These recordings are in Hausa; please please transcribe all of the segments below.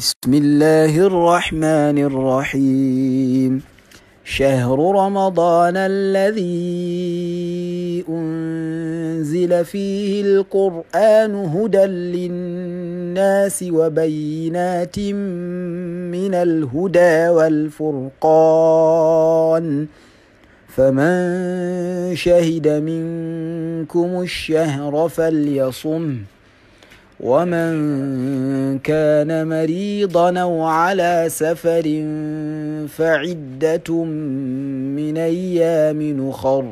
بسم الله الرحمن الرحيم شهر رمضان الذي انزل فيه القران هدى للناس وبينات من الهدى والفرقان فمن شهد منكم الشهر فليصمه ومن كان مريضا او على سفر فعده من ايام اخر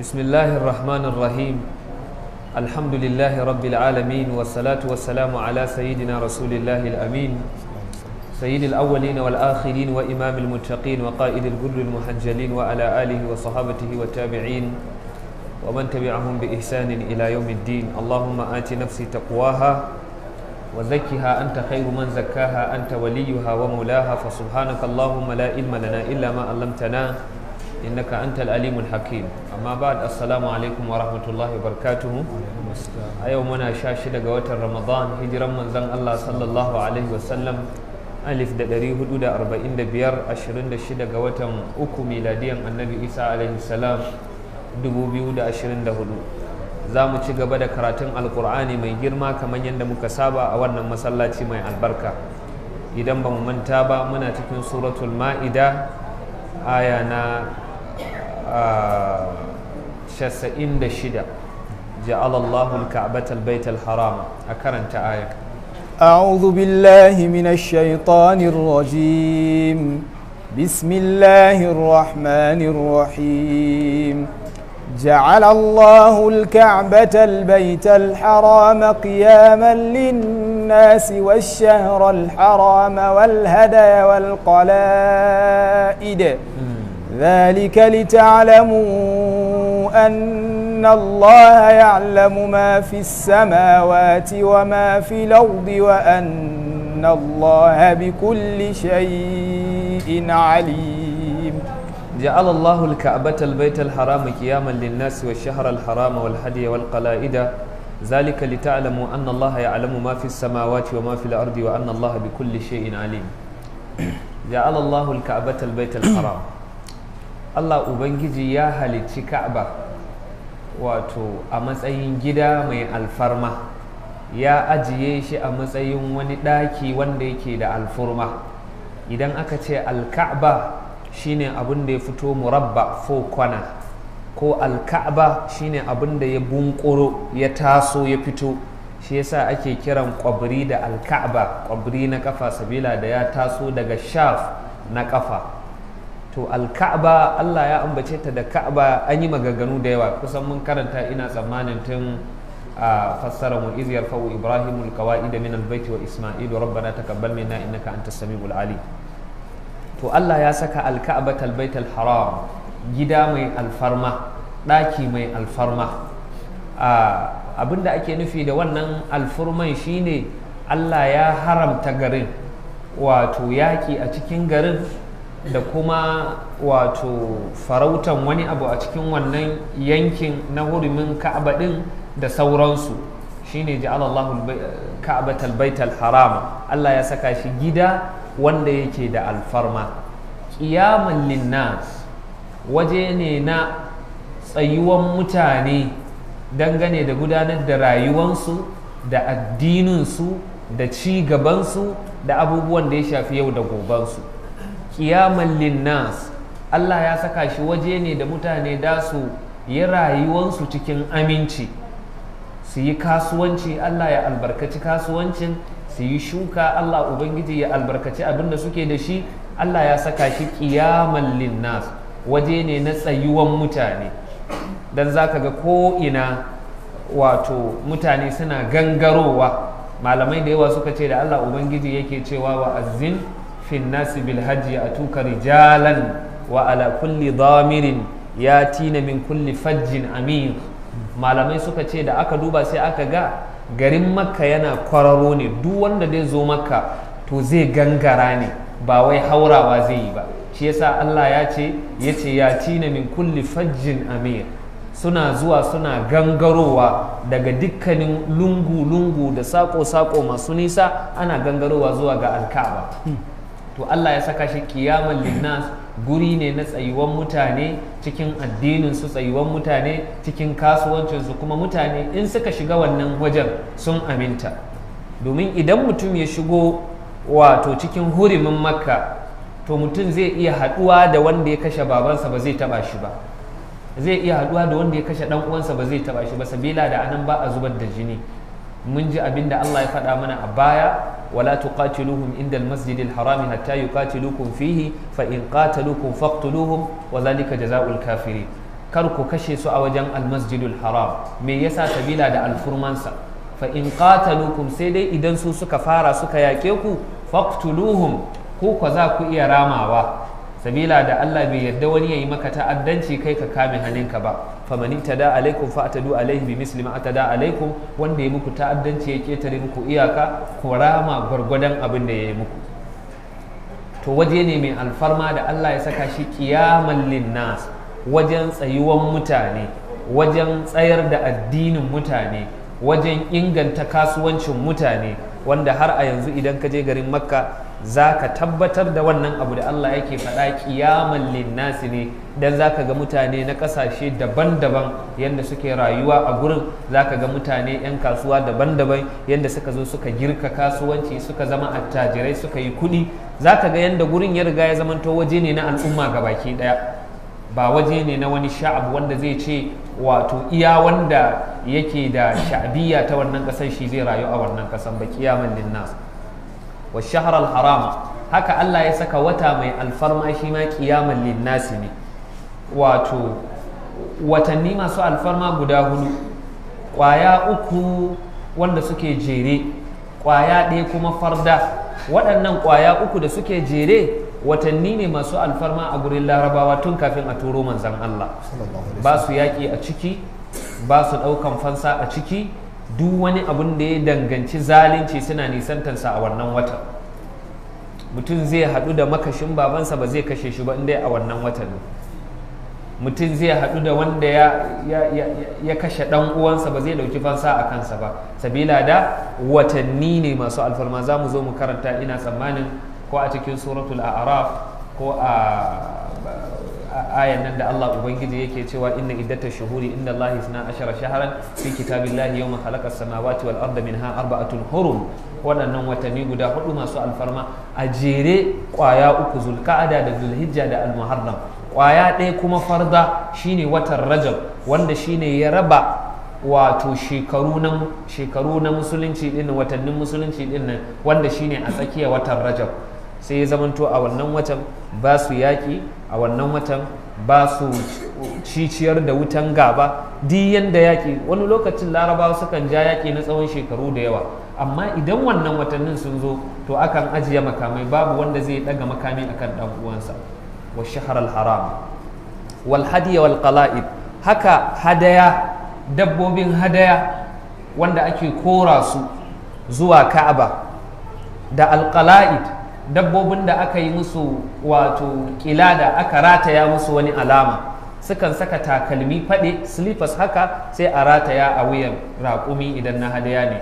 بسم الله الرحمن الرحيم الحمد لله رب العالمين والصلاه والسلام على سيدنا رسول الله الامين سيد الأولين والآخرين وإمام المتقين وقائد الجر المحجلين وعلى آله وصحابته والتابعين ومن تبعهم بإحسان إلى يوم الدين اللهم آت نفسي تقواها وزكها أنت خير من زكاها أنت وليها ومولاها فسبحانك اللهم لا علم لنا إلا ما علمتنا إنك أنت العليم الحكيم أما بعد السلام عليكم ورحمة الله وبركاته أيومنا شاشد قوات رمضان هجرا من زن الله صلى الله عليه وسلم ألف دقري هدود أربعين da أشرين دشد biyar أكو ميلاديا النبي ga عليه السلام 2024 za mu ci gaba da karatun alkur'ani mai girma kamar yadda muka saba a wannan masallaci mai albarka idan ba mu manta ba muna cikin suratul ma'ida aya na 96 جعل الله الكعبة البيت a karanta aya أعوذ بالله من الشيطان الرجيم بسم الله الرحمن الرحيم جعل الله الكعبة البيت الحرام قياما للناس والشهر الحرام والهدى والقلائد ذلك لتعلموا أن الله يعلم ما في السماوات وما في الأرض وأن الله بكل شيء عليم جعل الله الكعبة البيت الحرام قياما للناس والشهر الحرام والهدي والقلائد ذلك لتعلموا أن الله يعلم ما في السماوات وما في الأرض وأن الله بكل شيء عليم جعل الله الكعبة البيت الحرام Allah Ubangiji ya halicci Ka'aba wato a matsayin gida mai alfarma ya ajiye shi a matsayin wani ɗaki wanda yake da alfurma idan aka ce alka'aba shine abin da ya fito murabba fo kwana ko alka'aba shine abin da ya bunkuro ya taso ya fito shi yasa ake kiran kwabri da alka'aba kwabri na kafa sabila da ya taso daga shaf na kafa to alka'aba Allah ya ambace ta da ka'aba an yi magaganu da yawa kusan mun karanta ina tsammanin tun a fassara mu iz yarfa'u ibrahimul qawaida min albayti wa isma'ilu rabbana taqabbal minna innaka antas samiul alim to Allah ya saka alka'abatal baitul haram gida mai alfarma ɗaki mai alfarma abinda ake nufi da wannan alfurman shine Allah ya haramta garin wato yaki a cikin garin da kuma wato farautan wani abu a cikin wannan yankin na hurumin ka'aba ɗin da sauransu shine ja'alallahu ka'abatal baital haram Allah ya saka shi gida wanda yake da alfarma ƙiyaman linnas waje ne na tsayuwan mutane dangane da gudanar da rayuwansu da addininsu da ci gabansu da abubuwan da ya shafi yau da gobansu ƙiyaman linnas Allah ya saka shi waje ne da mutane da su yi rayuwansu cikin aminci su yi kasuwanci Allah ya albarkaci kasuwancin su yi shuka Allah ubangiji ya albarkaci abin da suke da shi Allah ya saka shi kiyaman linnas waje ne na tsayuwan mutane don za ka ga ko'ina wato mutane suna gangarowa malamai da yawa suka ce da Allah ubangiji yake cewa wa azin fin nasi bil hajji rijalan wa ala kulli damirin ya tina min kulli fajjin amin malamai suka ce da aka duba sai aka ga garin makka yana kwararo ne duk wanda zai zo makka to zai gangara ne ba wai haurawa zai yi ba shi yasa Allah ya ce ya ce ya tina min kulli fajjin amir suna zuwa suna gangarowa daga dukkanin lungu-lungu da sako-sako masu nisa ana gangarowa zuwa ga alkaba hmm. to Allah ya saka shi kiyaman linnas guri ne na tsayuwan mutane cikin addinin su tsayuwan mutane cikin kasuwancinsu kuma mutane in suka shiga wannan wajen sun aminta domin idan mutum ya shigo wato cikin hurimin makka to mutum zai iya haɗuwa da wanda ya kashe babansa ba zai taɓa shi ba zai iya haɗuwa da wanda ya kashe ɗan uwansa ba zai taɓa shi ba sabila da anan ba a zubar da jini mun ji abin da Allah ya faɗa mana a baya wala tuqatiluhum inda almasjid alharami hatta yuqatilukum fihi fa in qatalukum faqtuluhum wa zalika jazaa'ul kafirin kar ku kashe su a wajen almasjid haram me yasa kabila da alfurmansa fa in qatalukum sai dai idan su suka fara suka yake ku faqtuluhum ku za ku iya ramawa sabila da Allah bai yarda wani yayi maka ta'addanci kai ka kame hannunka ba ta da alaikum du alaihi bi misli ma atada alaikum wanda ya muku ta'addanci ya ketare muku iyaka ko rama gwargwadon abin da ya yi muku to waje ne mai alfarma da Allah ya saka shi qiyamal linnas wajen tsayuwan mutane wajen tsayar da addinin mutane wajen inganta kasuwancin mutane wanda har a yanzu idan ka je garin makka za ka tabbatar da wannan abu da Allah yake faɗa ƙiyaman linnasi ne dan za ka ga mutane na ƙasashe daban-daban yadda suke rayuwa a gurin za ka ga mutane 'yan kasuwa daban-daban yadda suka zo suka girka kasuwanci suka zama attajirai suka yi kuɗi za ka ga yadda gurin ya riga ya zamanto waje ne na al'umma ga baki ɗaya ba waje ne na wani sha'ab wanda zai ce wato iya wanda yake da sha'biya ta wannan ƙasar shi zai rayu a wannan ƙasar ba kiyaman linnasi wa shaharar harama haka Allah ya saka wata mai alfarma shi ma kiyaman linnasi ne wato watanni masu alfarma guda hudu kwaya uku wanda suke jere kwaya ɗaya kuma farda waɗannan kwaya uku da suke jere watanni ne masu alfarma a gurin larabawa tun kafin a turo manzan Allah ba su yaƙi a ciki ba su ɗaukan fansa a ciki duk wani abun da ya danganci zalunci suna nisantarsa a wannan watan mutum zai haɗu da makashin babansa ba zai kashe shi ba inda a wannan watan mutum zai haɗu da wanda ya, kashe ɗan uwansa ba zai ɗauki fansa a kansa ba sabila da watanni ne masu alfarma za mu zo mu karanta ina tsammanin ko a cikin suratul a'raf ko a ayan nan da Allah ubangiji yake cewa inna iddata shuhuri inda Allah isna ashara shaharan fi kitabillahi yawma khalaqa samawati wal arda minha arba'atun hurum waɗannan watanni guda hudu masu alfarma a jere kwaya uku zulka'ada da zulhijja da almuharram kwaya ɗaya kuma farda shine watan rajab wanda shine ya raba wato shekaru na shekaru na musulunci din watannin musulunci din nan wanda shine a tsakiya watan rajab sai ya zamanto a wannan watan ba su yaƙi a wannan watan ba su ciciyar da wutan gaba duk da yaƙi wani lokacin larabawa sukan ja yaƙi na tsawon shekaru da yawa amma idan wannan watannin sun zo to akan ajiye makamai babu wanda zai ɗaga makami akan ɗan uwansa wa shaharar haram wal hadiya wal qala'id haka hadaya dabbobin hadaya wanda ake kora su zuwa ka'aba da qala'id dabbobin da aka yi musu wato kilada aka rataya musu wani alama sukan saka takalmi faɗe slippers haka sai a rataya a wuyan raƙumi idan na hadaya ne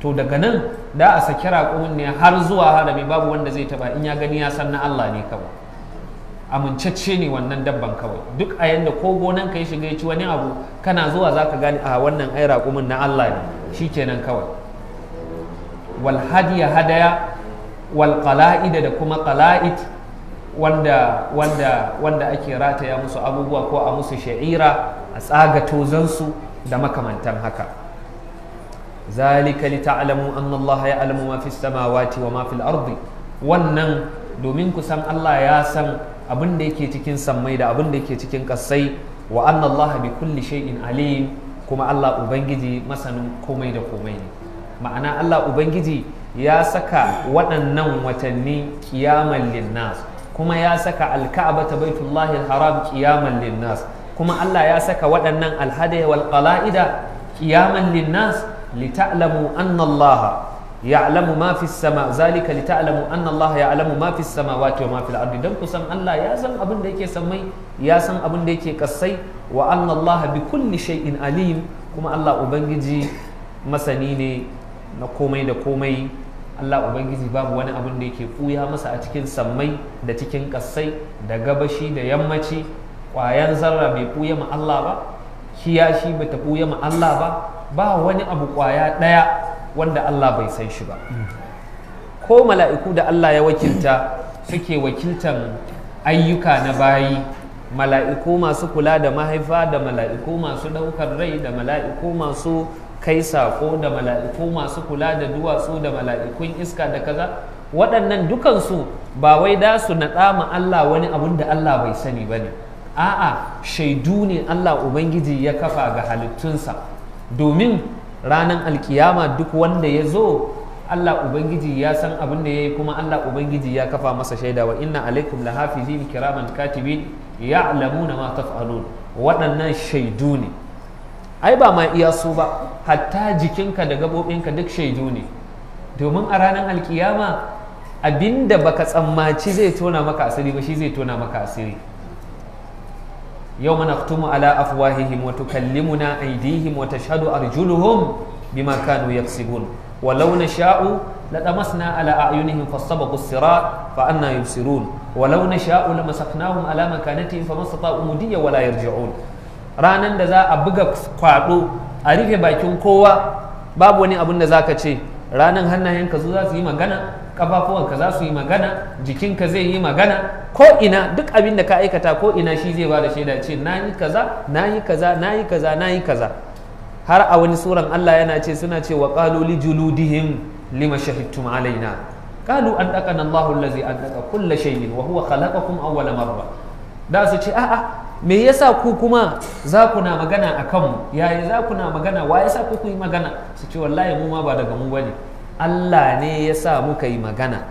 to daga nan da a saki raƙumin ne har zuwa harami babu wanda zai taba in ya gani ya san na Allah ne kawai amincacce ne wannan dabban kawai duk a yanda ko gonan ka ya shiga yaci wani abu kana zuwa zaka gane a wannan ai raƙumin na Allah ne shi kenan kawai wal hadiya hadaya wal da kuma qala'id wanda wanda wanda ake rataya musu abubuwa ko a musu sha'ira a tsaga tozansu da makamantan haka zalika li ta'lamu anna Allah alamu ma fi samawati wa ma fil ardi wannan domin ku san Allah ya san abin da yake cikin sammai da abin da yake cikin kasai wa anna Allah bi kulli shay'in alim kuma Allah ubangiji masanin komai da komai ne ma'ana Allah ubangiji ya saka waɗannan watanni kiyaman linnas kuma ya saka alka'aba ta baitullahi haram kiyaman linnas kuma Allah ya saka waɗannan alhadaya wal qala'ida kiyaman linnas lita'lamu anna Allah ya'lamu ma fi sama zalika lita'lamu anna Allah ya'lamu ma fi samawati wa ma ardi dan kusan Allah ya san abin da yake sammai ya san abin da yake kasai wa anna Allah bi kulli shay'in alim kuma Allah ubangiji masani ne na komai da komai Allah Ubangiji babu wani abin da yake ɓuya masa a cikin sammai da cikin ƙasai da gabashi da yammaci ƙwayan zarra bai ɓuya ma Allah ba kiyashi bai ta ɓuya ma Allah ba ba wani abu ƙwaya ɗaya wanda Allah bai san shi ba ko mala'iku da Allah ya wakilta suke wakiltan ayyuka na bayi mala'iku masu kula da mahaifa da mala'iku masu ɗaukar rai da mala'iku masu kai sako da mala'iku masu kula da duwatsu da mala'ikun iska da kaza waɗannan dukansu ba wai da su naɗa ma Allah wani abun da Allah bai sani ba ne a'a shaidu ne Allah Ubangiji ya kafa ga halittunsa domin ranar alkiyama duk wanda ya zo Allah Ubangiji ya san abin da ya yi kuma Allah Ubangiji ya kafa masa shaida wa inna alaikum lahafizin kiraman katibin ya'lamuna ma taf'alun waɗannan shaidu ne ai ba ma iya su ba hatta jikinka da gaɓoɓinka duk shaidu ne domin a ranar alkiyama abinda baka tsammaci zai tona maka asiri ba shi zai tona maka asiri yau mana tumu ala afwahihim wa tukallimuna aidihim wa tashhadu arjuluhum bima kanu yaksibun ولو نشاء لطمسنا على أعينهم فاستبقوا الصراط فأنا يبصرون ولو نشاء لمسخناهم على مكانتهم فما استطاعوا مديا ولا ranan da za a buga kwado a rufe bakin kowa babu wani abun da zaka ce ranan hannayenka su za su yi magana kafafuwanka za su yi magana jikinka zai yi magana ko ina duk abin da ka aikata ko ina shi zai ba da shaida ce na yi kaza na yi kaza na yi kaza na yi kaza har a wani suran Allah yana ce suna ce wa qaluli juludihim lima shahidtum alaina qalu an daqana Allahu allazi an daqa kulli shay'in wa huwa khalaqakum awwala marra da su ce a'a me yasa ku kuma za ku na magana a kanmu yaya za ku na magana wa yasa ku ku yi magana su ce wallahi mu ma ba daga mu bane Allah ne ya sa muka yi magana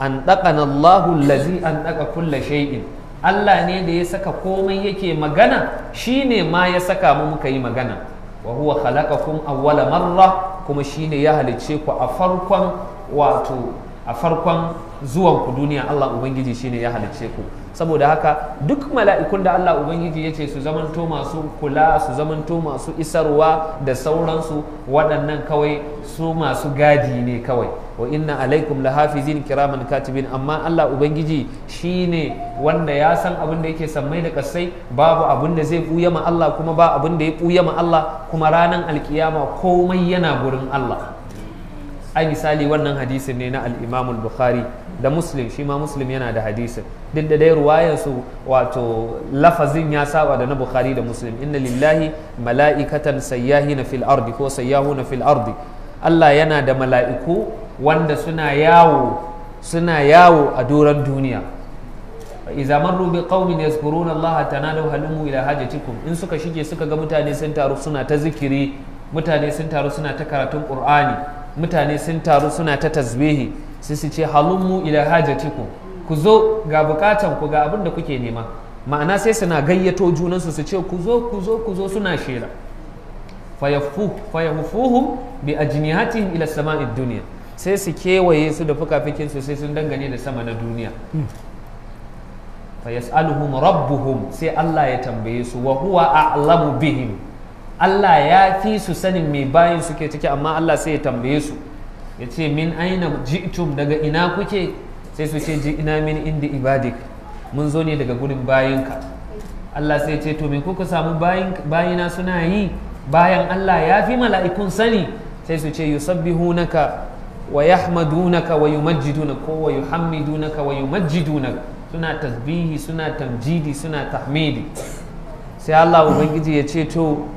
an daqana Allahu allazi an daqa kulla shay'in Allah ne da ya saka komai yake magana shine ma ya saka mu muka yi magana wa huwa khalaqakum awwala marra kuma shine ya halicce ku a farkon wato a farkon zuwan ku duniya Allah ubangiji shine ya halicce ku saboda haka duk mala'ikun da Allah ubangiji ya ce su zamanto masu kula su zamanto masu isarwa da sauransu waɗannan kawai su masu gadi ne kawai wa inna alaikum lahafizin kiraman katibin amma Allah ubangiji shine wanda ya san abin da yake sammai da kasai babu abin da zai buya ma Allah kuma ba abin da ya buya ma Allah kuma ranan alkiyama komai yana gurin Allah ai misali wannan hadisin ne na al-Imam bukhari da Muslim shi ma Muslim yana da hadisin duk da dai ruwayar wato lafazin ya saba da na Bukhari da Muslim inna lillahi mala'ikatan sayyahina fil ardi ko sayyahuna fil ardi Allah yana da mala'iku wanda suna yawo suna yawo a doron duniya idza marru bi qaumin yazkuruna Allah tanalu halumu ila hajatikum in suka shige suka ga mutane sun taru suna ta zikiri mutane sun taru suna ta karatun Qur'ani mutane sun taru suna ta tasbihi sai su ce halummu ila hajatiku ku zo ga bukatan ku ga abin da kuke nema ma'ana sai suna gayyato junansu su ce ku zo ku zo ku zo suna shela fayafuhum bi ajnihatihim ila sama'id dunya sai su kewaye su da fukafikin su sai sun dangane da sama na duniya hmm. fayas'aluhum rabbuhum sai Allah ya tambaye su wa huwa a'lamu bihim Allah ya fi su sanin mai bayin suke ciki amma Allah sai ya tambaye su ya ce min aina ji'tum daga ina kuke sai su ce ina min inda ibadik mun zo ne daga gurin bayinka Allah sai ce to me kuka samu bayina suna yi bayan Allah ya fi mala'ikun sani sai su ce yusabbihunaka wa yahmadunaka wa ko wa yuhammidunaka wa yumajjidunaka suna tasbihi suna tamjidi suna tahmidi sai Allah ubangiji ya ce to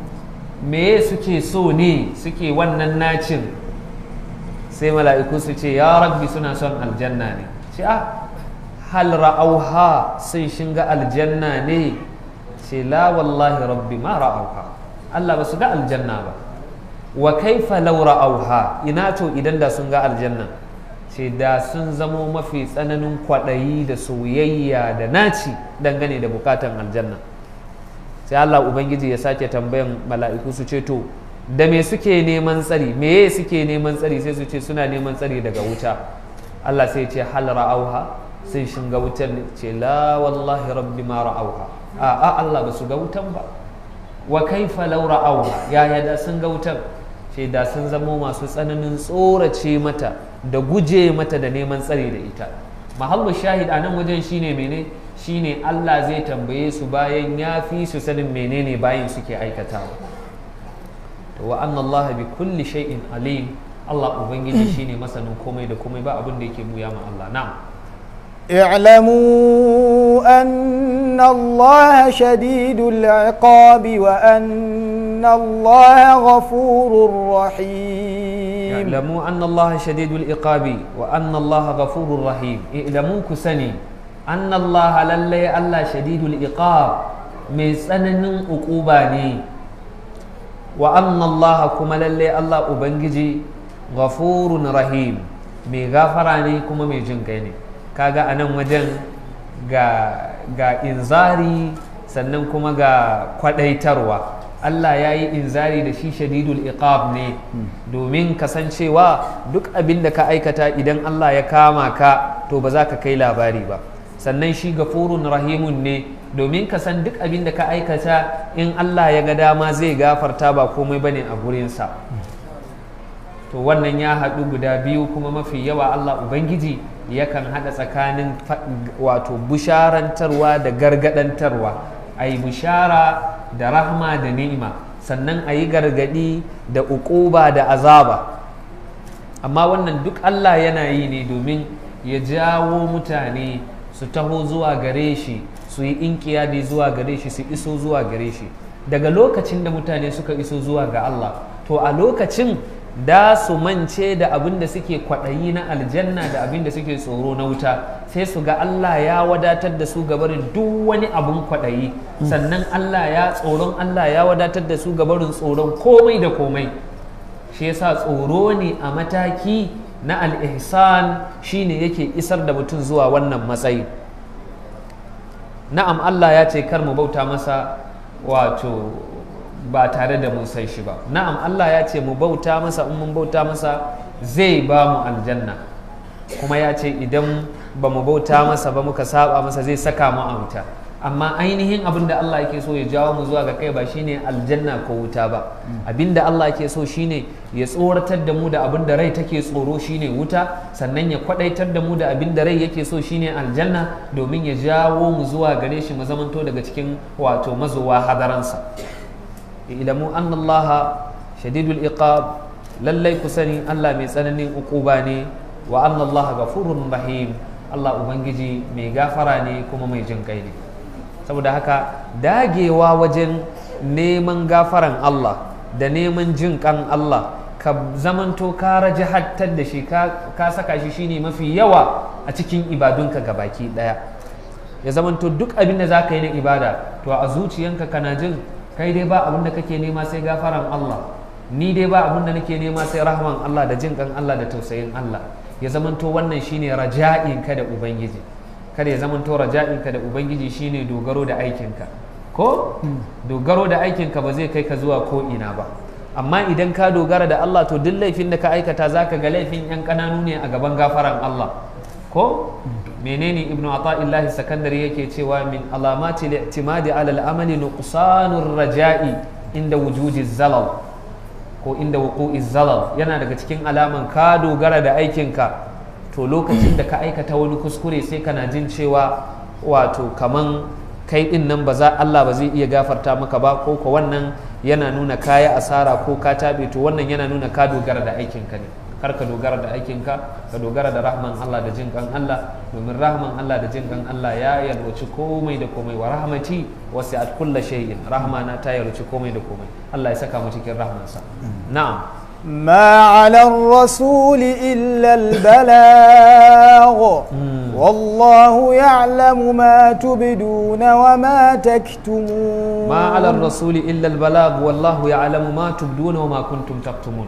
me suke so ne suke wannan nacin sai mala'iku su ce ya rabbi suna son aljanna ne ce a ah, hal ra'auha sun shiga aljanna ne ce la wallahi rabbi ma ra'auha Allah ba su ga aljanna ba wa kaifa law ra'auha ina to idan da sun ga aljanna ce da sun zamo mafi tsananin kwaɗayi da soyayya da naci dangane da bukatan aljanna sai Allah ubangiji ya sake tambayan mala'iku su ce to da me suke neman tsari meye suke neman tsari sai su ce suna neman tsari daga wuta Allah sai ce hal ra'auha sun ga wutar ne ce la wallahi rabbi ma ra'auha a a Allah ba su ga wutan ba wa kaifa law ra'auha yaya da sun ga wutan ce da sun zamo masu tsananin tsorace mata da guje mata da neman tsari da ita mahallu shahid a nan wajen shine mene shine Allah zai tambaye su bayan ya fi su sanin menene bayan suke aikatawa to wa anna Allah bi kulli shay'in alim Allah ubangiji shine masanin komai da komai ba abin da yake buya ma Allah na'am i'lamu anna Allah shadidul iqabi wa anna Allah ghafurur rahim i'lamu anna Allah shadidul iqabi anna Allah ghafurur rahim kusani annallaha lallai Allah shadidul iqab mai tsananin uquba ne wa Allah kuma lallai Allah ubangiji ghafurun rahim mai gafara ne kuma mai jin kai ne kaga anan wajen ga inzari sannan kuma ga kwadaitarwa Allah ya yi inzari da shi shadidul iqab ne domin kasancewa duk abin da ka aikata idan Allah ya kama ka to ba za ka kai labari ba sannan shi gafurun rahimun ne domin ka san duk abin da ka aikata in Allah ya ga dama zai gafarta ba komai bane a gurinsa to wannan ya haɗu guda biyu kuma mafi yawa Allah Ubangiji yakan haɗa tsakanin wato bisharantarwa da gargadantarwa a yi bishara da rahma da ni'ima sannan a yi gargaɗi da uquba da azaba amma wannan duk Allah yana yi ne domin ya jawo mutane su taho zuwa gare shi su yi inkiyadi zuwa gare shi su iso zuwa gare shi daga lokacin da mutane suka iso zuwa ga Allah to a lokacin da su mance da abin da suke kwaɗayi na aljanna da abin da suke tsoro na wuta sai su ga Allah ya wadatar da su gabarin duk wani abin kwaɗayi sannan Allah ya tsoron Allah ya wadatar da su gabarin tsoron komai da komai shi yasa tsoro ne a mataki na al’ihsan shi ne yake isar da mutum zuwa wannan matsayi na'am Allah ya ce kar mu bauta masa wato ba tare da mun san shi ba na'am Allah ya ce mu bauta masa in mun bauta masa zai ba mu aljanna kuma ya ce idan ba mu bauta masa ba muka saba masa zai saka mu a wuta amma ainihin abin da Allah yake so ya jawo mu zuwa ga kai ba shine aljanna ko wuta ba abin da Allah yake so shine ya tsoratar da mu da abin da rai take tsoro shine wuta sannan ya kwadaitar da mu da abin da rai yake so shine aljanna domin ya jawo mu zuwa gare shi mu zamanto daga cikin wato mazowa hadaransa ilamu annallaha shadidul iqab lallai ku sani Allah mai tsananin ukuba ne wa annallaha ghafurur rahim Allah ubangiji mai gafara ne kuma mai jin kai ne saboda haka dagewa wajen neman gafaran Allah da neman jin kan Allah ka zamanto ka raji hattar da shi ka saka shi shine mafi yawa a cikin ibadunka ga baki daya ya zamanto duk abin da za ka yi na ibada to a zuciyanka kana jin kai dai ba abin da kake nema sai gafaran Allah ni dai ba abin da nake nema sai rahman Allah da jin kan Allah da tausayin Allah ya zamanto wannan shine raja'in ka da ubangiji kada ya zama tora ja'inka da ubangiji shine dogaro da aikinka ko hmm. dogaro da aikinka ba zai kai ka zuwa ko ina ba amma idan ka dogara da Allah to duk laifin da ka aikata zaka ga laifin yan kananu ne a gaban gafaran Allah ko hmm. menene ibnu ata'illahi sakandari yake cewa min alamati li'timadi ala al'amali nuqsanur raja'i inda wujudi zalal ko inda wuqu'i zalal yana daga cikin alaman ka dogara da aikinka to lokacin da ka aikata wani kuskure sai kana jin cewa wato kaman kai din nan ba za Allah ba zai iya gafarta maka ba ko ko wannan yana nuna kaya asara ko ka tabe to wannan yana nuna ka dogara da aikinka ne kar ka dogara da aikinka ka dogara da rahman Allah da jin kan Allah domin rahman Allah da jin kan Allah ya yalwaci komai da komai wa rahmati wasi'at kulli shay'in rahmana ta yalwaci komai da komai Allah ya saka mu cikin rahmansa mm. na'am ما على الرسول إلا البلاغ والله يعلم ما تبدون وما تكتمون ما على الرسول إلا البلاغ والله يعلم ما تبدون وما كنتم تكتمون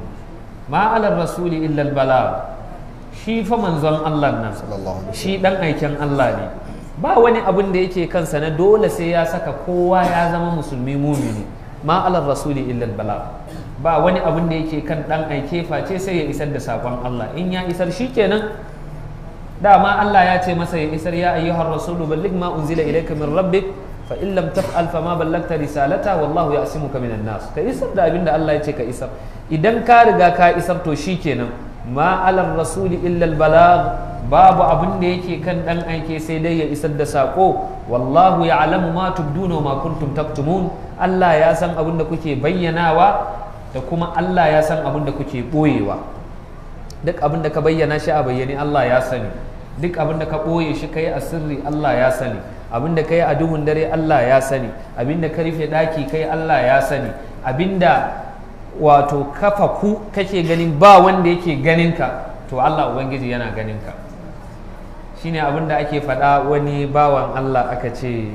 ما على الرسول إلا البلاغ shi fa manzon Allah nan shi dan aikin Allah ne ba wani abin da yake kansa na dole sai ya saka kowa ya zama musulmi mumini ma alar rasuli illal bala ba wani abin da yake kan dan aike face sai ya isar da sakon Allah in ya isar shikenan dama Allah ya ce masa ya isar ya ayyuhar rasulu balligh ma unzila ilayka min rabbik fa in lam taf'al fa ma ballagta risalata wallahu ya'simuka minan nas ka isar da abin da Allah ya ce ka isar idan ka riga ka isar to shikenan ma alar rasuli illal balag babu abin da yake kan dan aike sai dai ya isar da sako wallahu ya'lamu ma tubduna ma kuntum taktumun Allah ya san abin da kuke bayyanawa da kuma Allah ya san abin da kuke boyewa duk abin da ka bayyana shi a bayyane Allah ya sani duk abin da ka boye shi kai a sirri Allah ya sani abin da kai a duhun dare Allah ya sani abin da ka rufe daki kai Allah ya sani abin da wato kafa ku kake ganin ba wanda yake ganin ka to Allah ubangiji yana ganin ka Shi abinda ake faɗa wani bawan Allah aka ce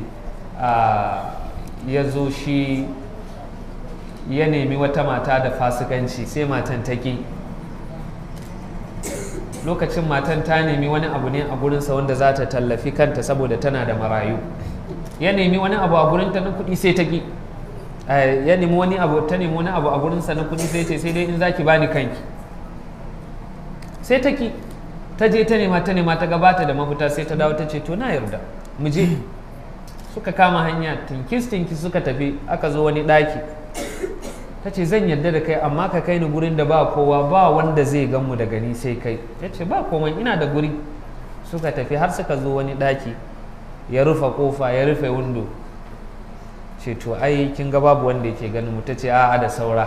ya zo shi ya nemi wata mata da fasikanci sai matan take lokacin matan ta nemi wani abu ne a gurinsa wanda za ta tallafi kanta saboda tana da marayu ya nemi wani abu a gurinta na kuɗi sai ta Eh, ya nemi wani abu ta nemi wani abu a gurinsa na kuɗi sai ce sai dai in zaki bani kanki sai ta ki ta je ta nema ta nema ta gabata da mafita sai ta dawo ta ce to na yarda mu je suka kama hanya tinkis tinkis suka tafi aka zo wani daki ta ce zan yarda da kai amma ka kai ni gurin da ba kowa ba wanda zai gan mu da gani sai kai ya ce ba komai ina da guri suka tafi har suka zo wani ɗaki ya rufe kofa ya rufe windo ce to ai kin ga babu wanda yake ganin mu ta ce a'a da saura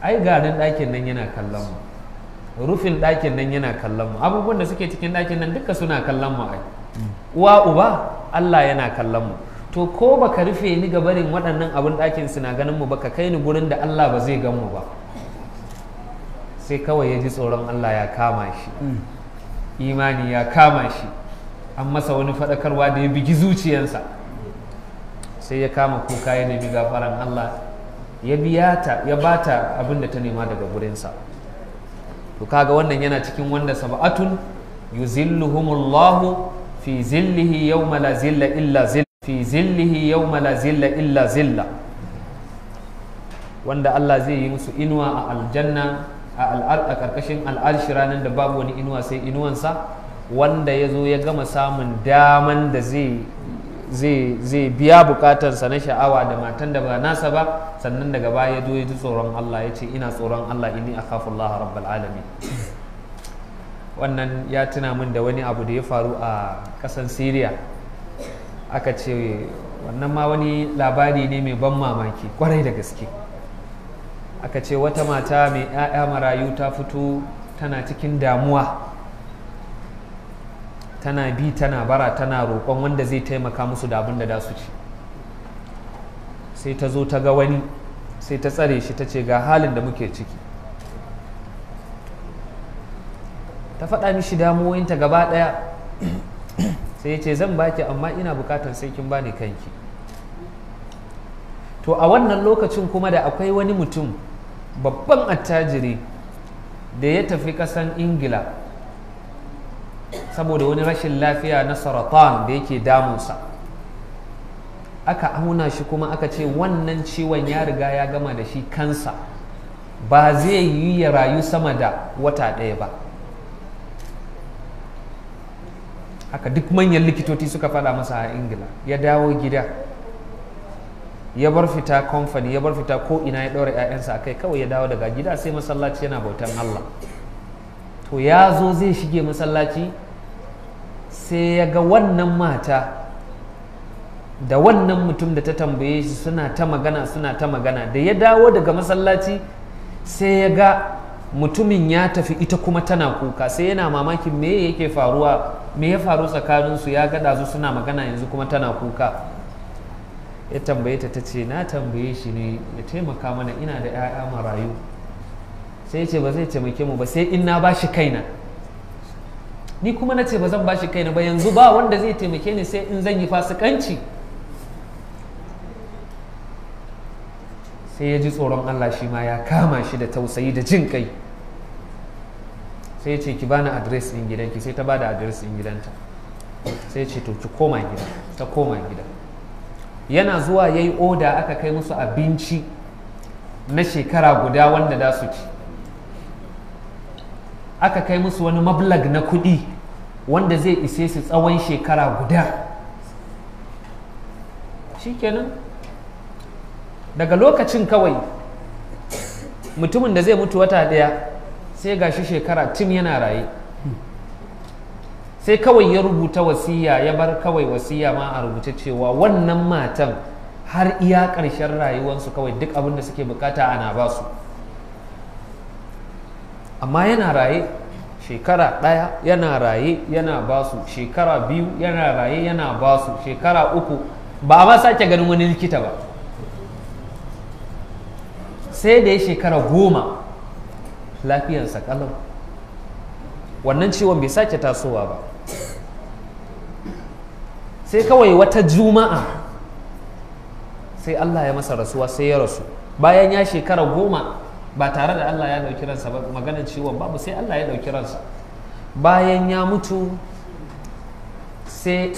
ai garin ɗakin nan yana kallon mu rufin ɗakin nan yana kallon mu abubuwan da suke cikin ɗakin nan duka suna kallon mu ai uwa uba Allah yana kallon mu to ko baka rufe ni ga barin waɗannan abun ɗakin suna ganin mu baka kai ni gurin da Allah ba zai gan mu ba sai kawai ya ji tsoron Allah ya kama shi mm. imani ya kama shi an masa wani faɗakarwa da ya bigi zuciyarsa sai ya kama kuka ya nemi gafaran Allah ya biya ta ya bata abin da ta nema daga gurinsa to kaga wannan yana cikin wanda sab'atun yuzilluhumullahu fi zillihi yawma la zilla illa zilla fi zillihi yawma la zilla illa zilla wanda Allah zai yi musu inuwa a aljanna a al'ar a karkashin al'arshi ranar da babu wani inuwa sai inuwansa wanda ya zo ya gama samun daman da zai zai biya bukatarsa na sha'awa da matan da ba nasa ba sannan daga baya ya zo ya tsoron Allah ya ce ina tsoron Allah inni akhafullaha rabbal alamin wannan ya tuna min da wani abu da ya faru a kasan Syria aka ce wannan ma wani labari ne mai ban mamaki kwarai da gaske aka ce wata mata mai 'ya'ya marayu ta fito tana cikin damuwa tana bi tana bara tana roƙon wanda zai taimaka musu da abin da da su ci sai ta zo ta ga wani sai ta tsare shi ta ce ga halin da muke ciki ta faɗa mishi damuwoyinta gaba ɗaya sai ya ce zan baki amma ina bukatar sai kin bani kanki to a wannan lokacin kuma da akwai wani mutum babban attajiri da ya tafi ƙasan ingila saboda wani rashin lafiya na saratan da yake damunsa aka auna shi kuma aka ce wannan ciwon ya riga ya gama da shi kansa ba zai yi ya rayu sama da wata ɗaya ba haka duk manyan likitoci suka faɗa masa a ingila ya dawo gida ya bar fita kamfani ya bar fita ko ina ya ɗaura 'ya'yansa a kai kawai ya dawo daga gida sai masallaci yana bautan allah to ya zo zai shige masallaci sai ya ga wannan mata da wannan mutum da ta tambaye shi suna ta magana suna ta magana da ya dawo daga masallaci sai ya ga mutumin ya tafi ita kuma tana kuka sai yana mamakin me yake faruwa me ya faru tsakaninsu ya ga ɗazu suna magana yanzu kuma tana kuka ya tambaye ta ce na tambaye shi ne ya taimaka mana ina da 'ya'ya marayu sai ce ba zai taimake mu ba sai in na ba shi kaina ni kuma na ce ba zan bashi kaina ba yanzu ba wanda zai taimake ni sai in zan yi fasikanci sai ya ji tsoron Allah shi ma ya kama shi da tausayi da jin kai sai ya ce ki bani adres din gidanki sai ta bada adres din gidanta sai ya ce to ki koma gida ta koma gida yana zuwa yayi oda aka kai musu abinci na shekara guda wanda da su ci aka kai musu wani mablag na kuɗi wanda zai ise su tsawon shekara guda shikenan daga lokacin kawai mutumin da zai mutu wata ɗaya sai gashi shekara tun yana raye sai kawai ya rubuta wasiya ya bar kawai wasiya ma a rubuta cewa wannan matan har iya ƙarshen rayuwarsu kawai duk abin da suke bukata ana ba su amma yana raye shekara ɗaya yana raye yana basu shekara biyu yana raye yana basu shekara uku ba a ma sake ganin wani likita ba sai da ya shekara goma lafiyansa kalau wannan ciwon bai sake tasowa ba sai kawai wata juma'a sai allah ya masa rasuwa sai ya rasu bayan ya shekara goma ba tare da Allah ya ɗauki ransa ba magana ciwon babu sai Allah ya ɗauki ransa bayan ya mutu sai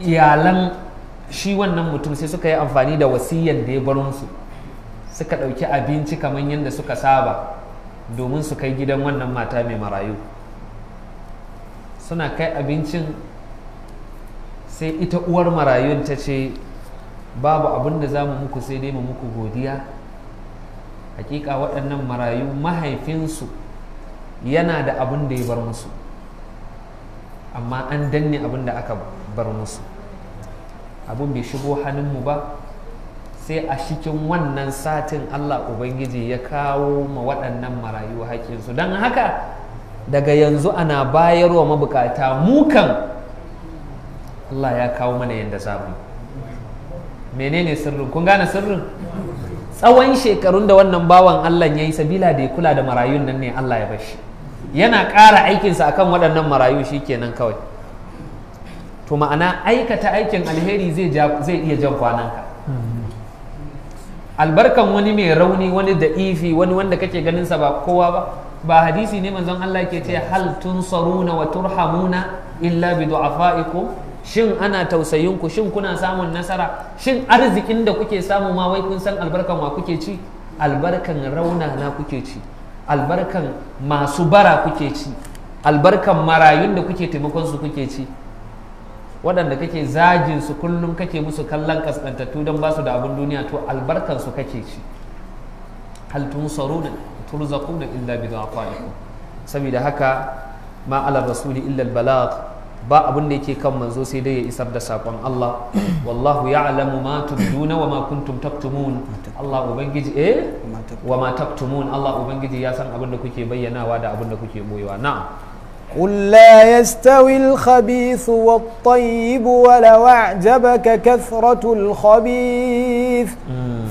iyalan shi wannan mutum sai suka yi amfani da wasiyan da ya bar suka ɗauki abinci kamar yadda suka saba domin su kai gidan wannan mata mai marayu suna kai abincin sai ita uwar marayun ta ce babu abin da za mu muku sai dai mu muku godiya hakika waɗannan marayu mahaifinsu yana da abin da ya bar musu amma an danne abin da aka bar musu abin bai shigo hannunmu ba sai a cikin wannan satin allah ubangiji ya kawo ma waɗannan marayu haƙinsu don haka daga yanzu ana bayar wa mabukata mukan allah ya kawo mana yadda samu menene sirrin kun gane sirrin tsawon shekarun da wannan bawan Allah ya yi sabila da ya kula da marayun nan ne Allah ya bashi yana ƙara aikinsa akan waɗannan marayu shi kenan kawai to ma'ana aikata aikin alheri zai iya jan kwananka albarkan wani mai rauni wani da ifi wani wanda kake ganin sa ba kowa ba ba hadisi ne manzon Allah ke ce hal tun tunsaruna wa turhamuna illa bi du'afaikum shin ana tausayin ku shin kuna samun nasara shin arzikin da kuke samu ma wai kun san albarkan wa kuke ci albarkan rauna na kuke ci albarkan masu bara kuke ci albarkan marayun da kuke taimakon su kuke ci waɗanda kake zagin su kullum kake musu kallon kaskantattu don ba su da abin duniya to albarkan su kake ci hal tunsaruna turzaquna illa bi saboda haka ma'alar ala rasuli illa al ba abin da yake kan manzo sai dai ya isar da sakon Allah wallahu ya'lamu ma tubduna wa ma kuntum taktumun Allah ubangiji eh wa ma taktumun Allah ubangiji ya san abin da kuke bayyanawa da abin da kuke boyewa na'am قل لا يستوي الخبيث والطيب ولو أعجبك كثرة الخبيث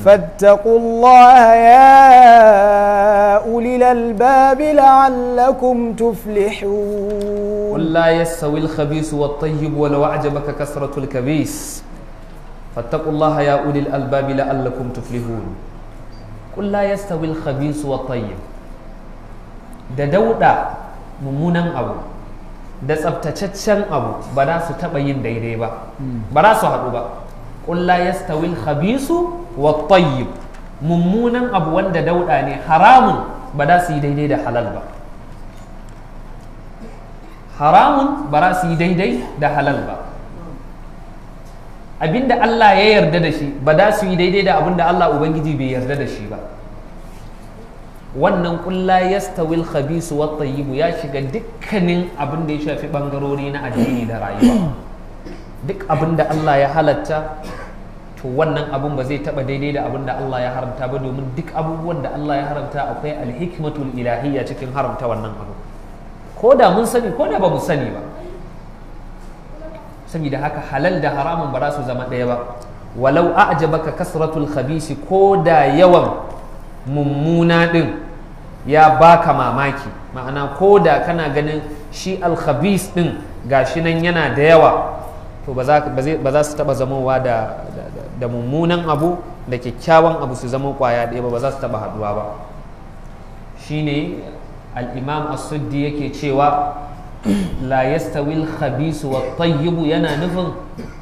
فاتقوا الله يا أولي الألباب لعلكم تفلحون قل لا يستوي الخبيث والطيب ولو أعجبك كثرة الكبيث فاتقوا الله يا أولي الألباب لعلكم تفلحون قل لا يستوي الخبيث والطيب ده dauda mummunan abu da tsabtataccen abu ba za su taɓa yin daidai ba ba za su haɗu ba ƙulla ya stawil habisu wa tayyib mummunan abu wanda dauɗa ne haramun ba za su yi daidai da halal ba haramun ba za su yi daidai da halal ba abinda Allah ya yarda da shi ba za su yi daidai da abinda Allah Ubangiji bai yarda da shi ba wannan kulla yastawil khabisu wat tayyibu ya shiga dukkanin abin da ya shafi bangarori na addini da rayuwa duk abin da Allah ya halatta to wannan abin ba zai taba daidai da abin da Allah ya haramta ba domin duk abubuwan da Allah ya haramta akwai alhikmatul ilahiyya cikin haramta wannan abu ko da mun sani ko da ba mu sani ba saboda haka halal da haramun ba za su zama ɗaya ba walau a'jabaka kasratul khabisi ko da yawan mummuna ɗin ya baka mamaki ma'ana ko da kana ganin shi alkhabis din gashi nan yana da yawa to ba za su taba zamowa da mummunan abu da kyakkyawan abu su zama kwaya ɗaya ba ba za su taba haduwa ba shine al-imam asuddi yake cewa la yastawi al wa tayyib yana nufin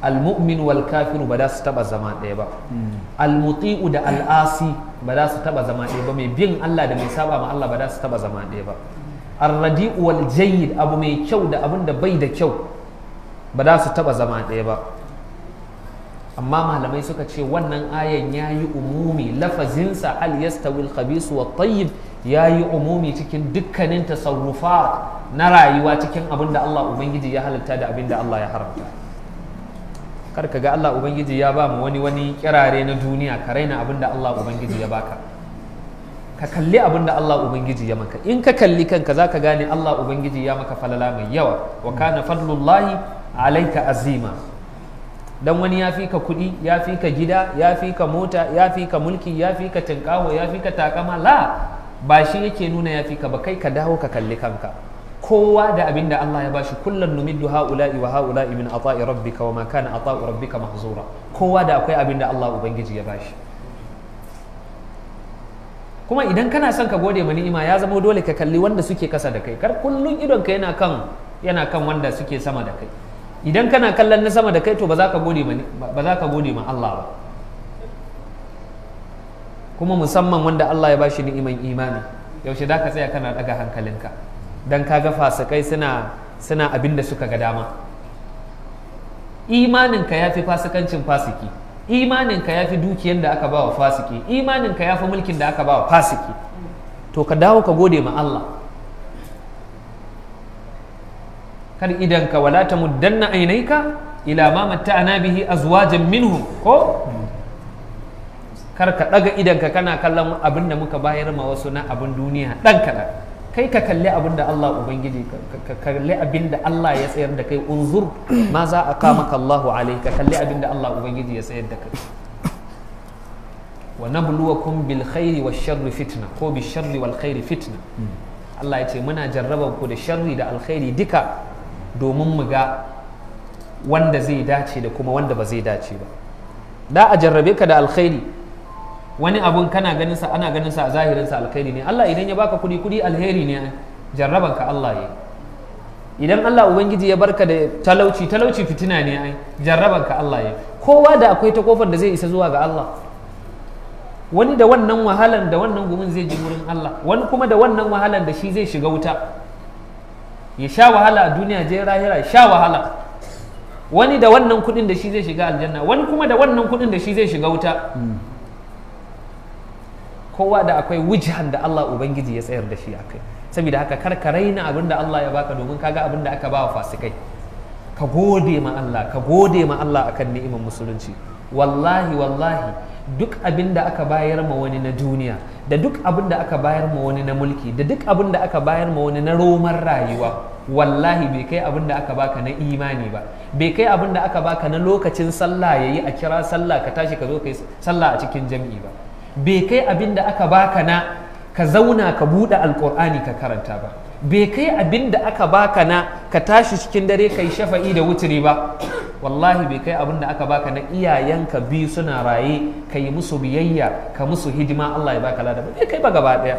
al wal kafiru ba za su taba zama ɗaya ba almutiu da al'asi ba za su taba zama ɗaya ba mai bin Allah da mai saba ma Allah ba za su taba zama ɗaya ba ar wal jayyid abu mai kyau da abin da bai da kyau ba za su taba zama ɗaya ba amma malamai suka ce wannan ayan ya yi umumi lafazinsa al yastawil khabisu wa tayyib ya yi umumi cikin dukkanin tasarrufa na rayuwa cikin abin da Allah Ubangiji ya halitta da abin da Allah ya haramta kar ka ga Allah Ubangiji ya ba mu wani wani kirare na duniya ka raina abin da Allah Ubangiji ya baka ka kalli abin da Allah Ubangiji ya maka in ka kalli kanka za ka gane Allah Ubangiji ya maka falala mai yawa wa kana fadlullahi alaika azima dan wani ya fi ka kuɗi ya fi ka gida ya fi ka mota ya fi ka mulki ya fi ka tinkaho ya fi ka takama la ba shi yake nuna ya fi ka ba kai ka dawo ka kalli kanka kowa da abin da Allah ya bashi kullum numiddu ha'ula'i wa ha'ula'i min ata'i rabbika wa ma kana ata'u rabbika mahzura kowa da akwai abin da Allah ubangiji ya bashi kuma idan kana son ka gode ma ni'ima ya zama dole ka kalli wanda suke kasa da kai kar kullun idon ka yana kan yana kan wanda suke sama da kai idan kana kallon na sama da kai to ba za ka gode ma Allah ba kuma musamman wanda Allah ya bashi ni'iman imani yaushe da ka tsaya kana daga hankalinka dan ga fasikai suna suna abin da suka ga dama imaninka ya fi fasikancin fasiki imaninka ya fi dukiyan da aka ba wa fasiki imaninka ya fi mulkin da aka ba wa fasiki to ka dawo ka gode ma Allah kar idan ka wala ta muddanna ainaika ila ma matta'ana bihi azwajan minhum ko kar ka daga ka kana kallon abin da muka bayar ma wasu na abin duniya dan kaɗan kai ka kalli abin da Allah ubangiji ka kalli abin da Allah ya tsayar da kai unzur ma za a kama kallahu alai ka kalli abin da Allah ubangiji ya tsayar da kai wa nabluwakum bil khairi wash sharri fitna ko bil sharri wal khairi fitna Allah ya ce muna jarraba ku da sharri da alkhairi duka domin mu ga wanda zai dace da kuma wanda ba zai dace ba da a jarrabe ka da alkhairi wani abun kana ganin sa ana ganin sa a zahirin sa alkhairi ne Allah idan ya baka kudi kudi alheri ne jarraban ka Allah ya idan Allah ubangiji ya barka da talauci talauci fitina ne ai jarraban ka Allah ya kowa da akwai ta kofar da zai isa zuwa ga Allah wani da wannan wahalan da wannan gumin zai ji wurin Allah wani kuma da wannan wahalan da shi zai shiga wuta ya sha wahala a duniya je rahira ya sha wahala wani da wannan kudin da shi zai shiga aljanna wani kuma da wannan kudin da shi zai shiga wuta hmm. kowa da akwai wujahan da Allah ubangiji ya tsayar da shi a kai. saboda haka kar ka raina abin Allah ya baka domin kaga abin da aka bawa fasikai ka gode ma Allah ka gode ma Allah akan ni'imar musulunci wallahi wallahi duk abin da aka bayar ma wani na duniya da duk abin da aka bayar ma wani na mulki da duk abin aka bayar ma wani na roman rayuwa wallahi bai kai abin aka baka na imani ba bai kai abinda aka baka na lokacin sallah yayi a kira sallah ka tashi ka zo kai sallah a cikin jam'i ba bai kai abin da aka baka na ka zauna ka buɗe alƙur'ani ka karanta ba bai kai abin da aka baka na ka tashi cikin dare ka yi shafa'i da wuturi ba wallahi bai kai abin da aka baka na iyayenka biyu suna raye ka yi musu biyayya ka musu hidima Allah ya baka lada bai kai ba gaba ɗaya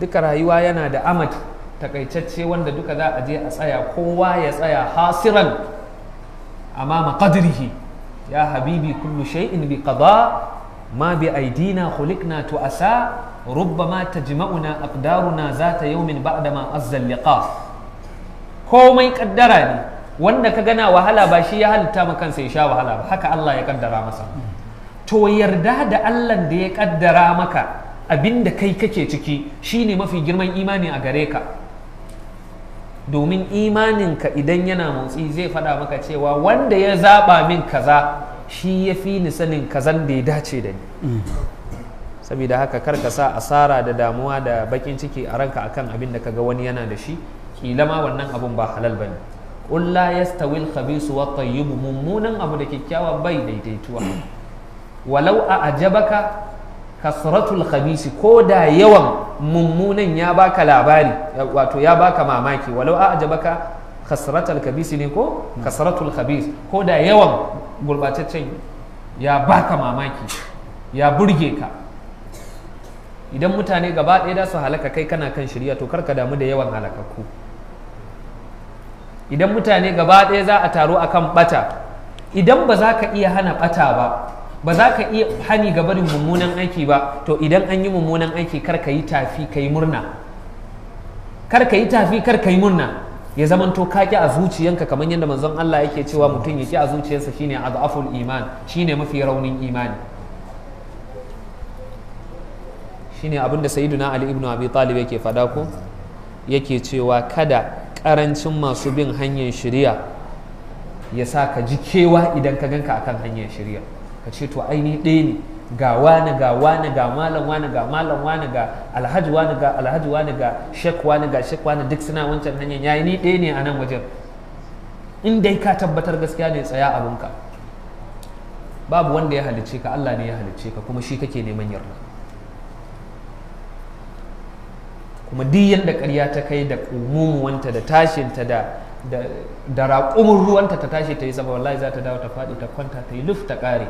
duka rayuwa yana da amat takaitacce wanda duka za a je a tsaya kowa ya tsaya hasiran amma maqadirihi ya habibi kullu shay'in bi qada ma bi aidina khuliqna tu'asa rubbama tajma'una aqdaruna zata yawmin ba'da ma azzal liqa komai kaddara ne wanda ka gana wahala ba shi ya halitta ma kansa ya sha wahala ba haka Allah ya kaddara masa to yarda da Allah da ya kaddara maka abinda kai kake ciki shine mafi girman imani a gare ka domin imaninka idan yana motsi zai faɗa maka cewa wanda ya zaɓa min kaza shi ya fi ni sanin kazan da ya dace da ni saboda haka kar ka sa asara da damuwa da bakin ciki a ranka akan abin da ka ga wani yana da shi kila ma wannan abun ba halal bane qul la yastawi khabisu wa tayyibu mummunan abu da kyakkyawa bai daidaituwa walau a ajabaka kasratul khabisi ko da yawan mummunan ya baka labari wato ya baka mamaki walau a ajabaka kasratul kabisi ne ko kasratul khabis ko da yawan gurbataccen ya baka mamaki ya burge ka idan mutane gaba ɗaya da su halaka kai kana kan shirya to karka damu da yawan halakakku idan mutane gaba ɗaya za a taro akan bata idan ba za ka iya hana bata ba ba za ka iya hani ga barin mummunan aiki ba to idan an yi mummunan aiki kar ka yi tafi ka yi murna kar yi tafi kar yi murna ya zamanto ka ki a zuciyanka kamar yadda manzon Allah yake cewa mutum ya ki a zuciyarsa shine adaful iman shine mafi raunin imani shine abinda sayyiduna Ali ibn Abi Talib yake fada ko yake cewa kada karancin masu bin hanyar shari'a ya sa ka ji kewa idan ka ganka akan hanyar shari'a ka ce to aini ɗaya ne ga wani ga wani ga malam wani ga malam wani ga alhaji wani ga alhaji wani ga shek wani ga shek wani duk suna wancan hanyar yayi ni ɗaya ne a nan wajen in dai ka tabbatar gaskiya ne tsaya abinka babu wanda ya halicce ka Allah ne ya halicce ka kuma shi kake neman yarda kuma duk yanda ƙarya ta kai da kumumuwanta da tashinta da da raƙumin ruwanta ta tashi ta yi sama wallahi za ta dawo ta faɗi ta kwanta ta yi luf ta ƙare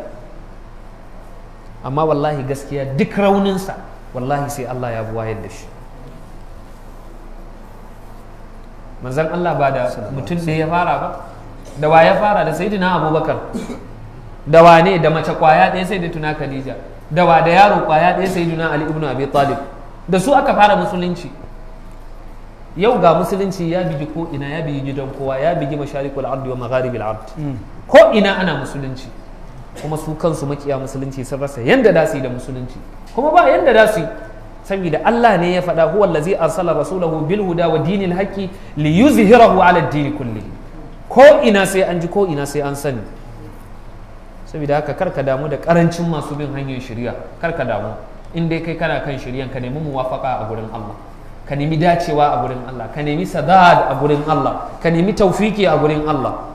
amma wallahi gaskiya duk rauninsa wallahi sai Allah ya buwayar da shi manzan Allah ba da mutum da ya fara ba da wa ya fara da sayyidina abubakar da wa ne da mace kwaya ɗaya sai da tuna khadija da wa da yaro kwaya ɗaya sai tuna ali ibn abi talib da su aka fara musulunci yau ga musulunci ya bigi ko ina ya bigi gidan kowa ya bigi masharikul ardi wa magharibil ard mm. ko ina ana musulunci kuma su kansu makiya musulunci sun rasa yanda da su yi da musulunci kuma ba yadda da su yi saboda Allah ne ya faɗa huwa allazi arsala rasulahu bil huda wa dinil haqqi li yuzhirahu ala ad-din kulli ko ina sai an ji ko ina sai an sani saboda haka karka damu da karancin masu bin hanyar shari'a karka damu in dai kai kana kan shirya ka nemi muwafaka a gurin Allah ka nemi dacewa a gurin Allah ka nemi sadad a gurin Allah ka nemi taufiki a gurin Allah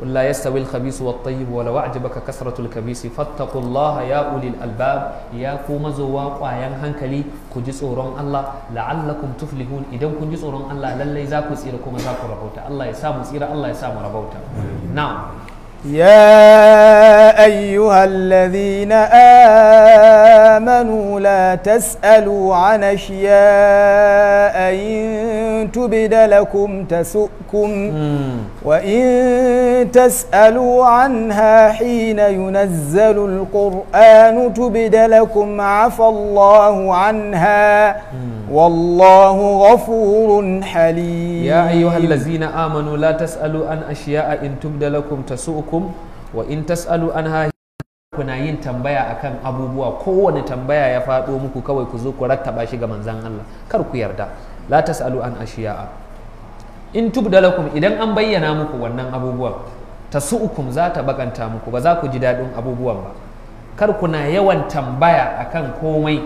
قل لا يستوي الخبيث والطيب ولو أعجبك كثرة الكبيث فاتقوا الله يا أولي الألباب يا كوما زوا قايان هنكلي كجس أوران الله لعلكم تفلحون إذا كجس أوران الله للي زاكو سيركم زاكو ربوتا الله يسامو سيرا الله يسامو ربوتا نعم يا أيها الذين آمنوا لا تسألوا عن أشياء إن تبد لكم تسؤكم وإن تسألوا عنها حين ينزل القرآن تبد لكم عفى الله عنها والله غفور حليم يا أيها الذين آمنوا لا تسألوا عن أشياء إن تبد لكم تسؤكم وإن تسألوا عنها kuna yin tambaya akan abubuwa kowane tambaya ya faɗo muku kawai ku zo ku rattaba shi ga manzan Allah kar ku yarda la tasalu an ashiya'a in tubda lakum idan an bayyana muku wannan abubuwan tasu'ukum za ta bakanta muku ba za ku ji daɗin abubuwan ba kar kuna yawan tambaya akan komai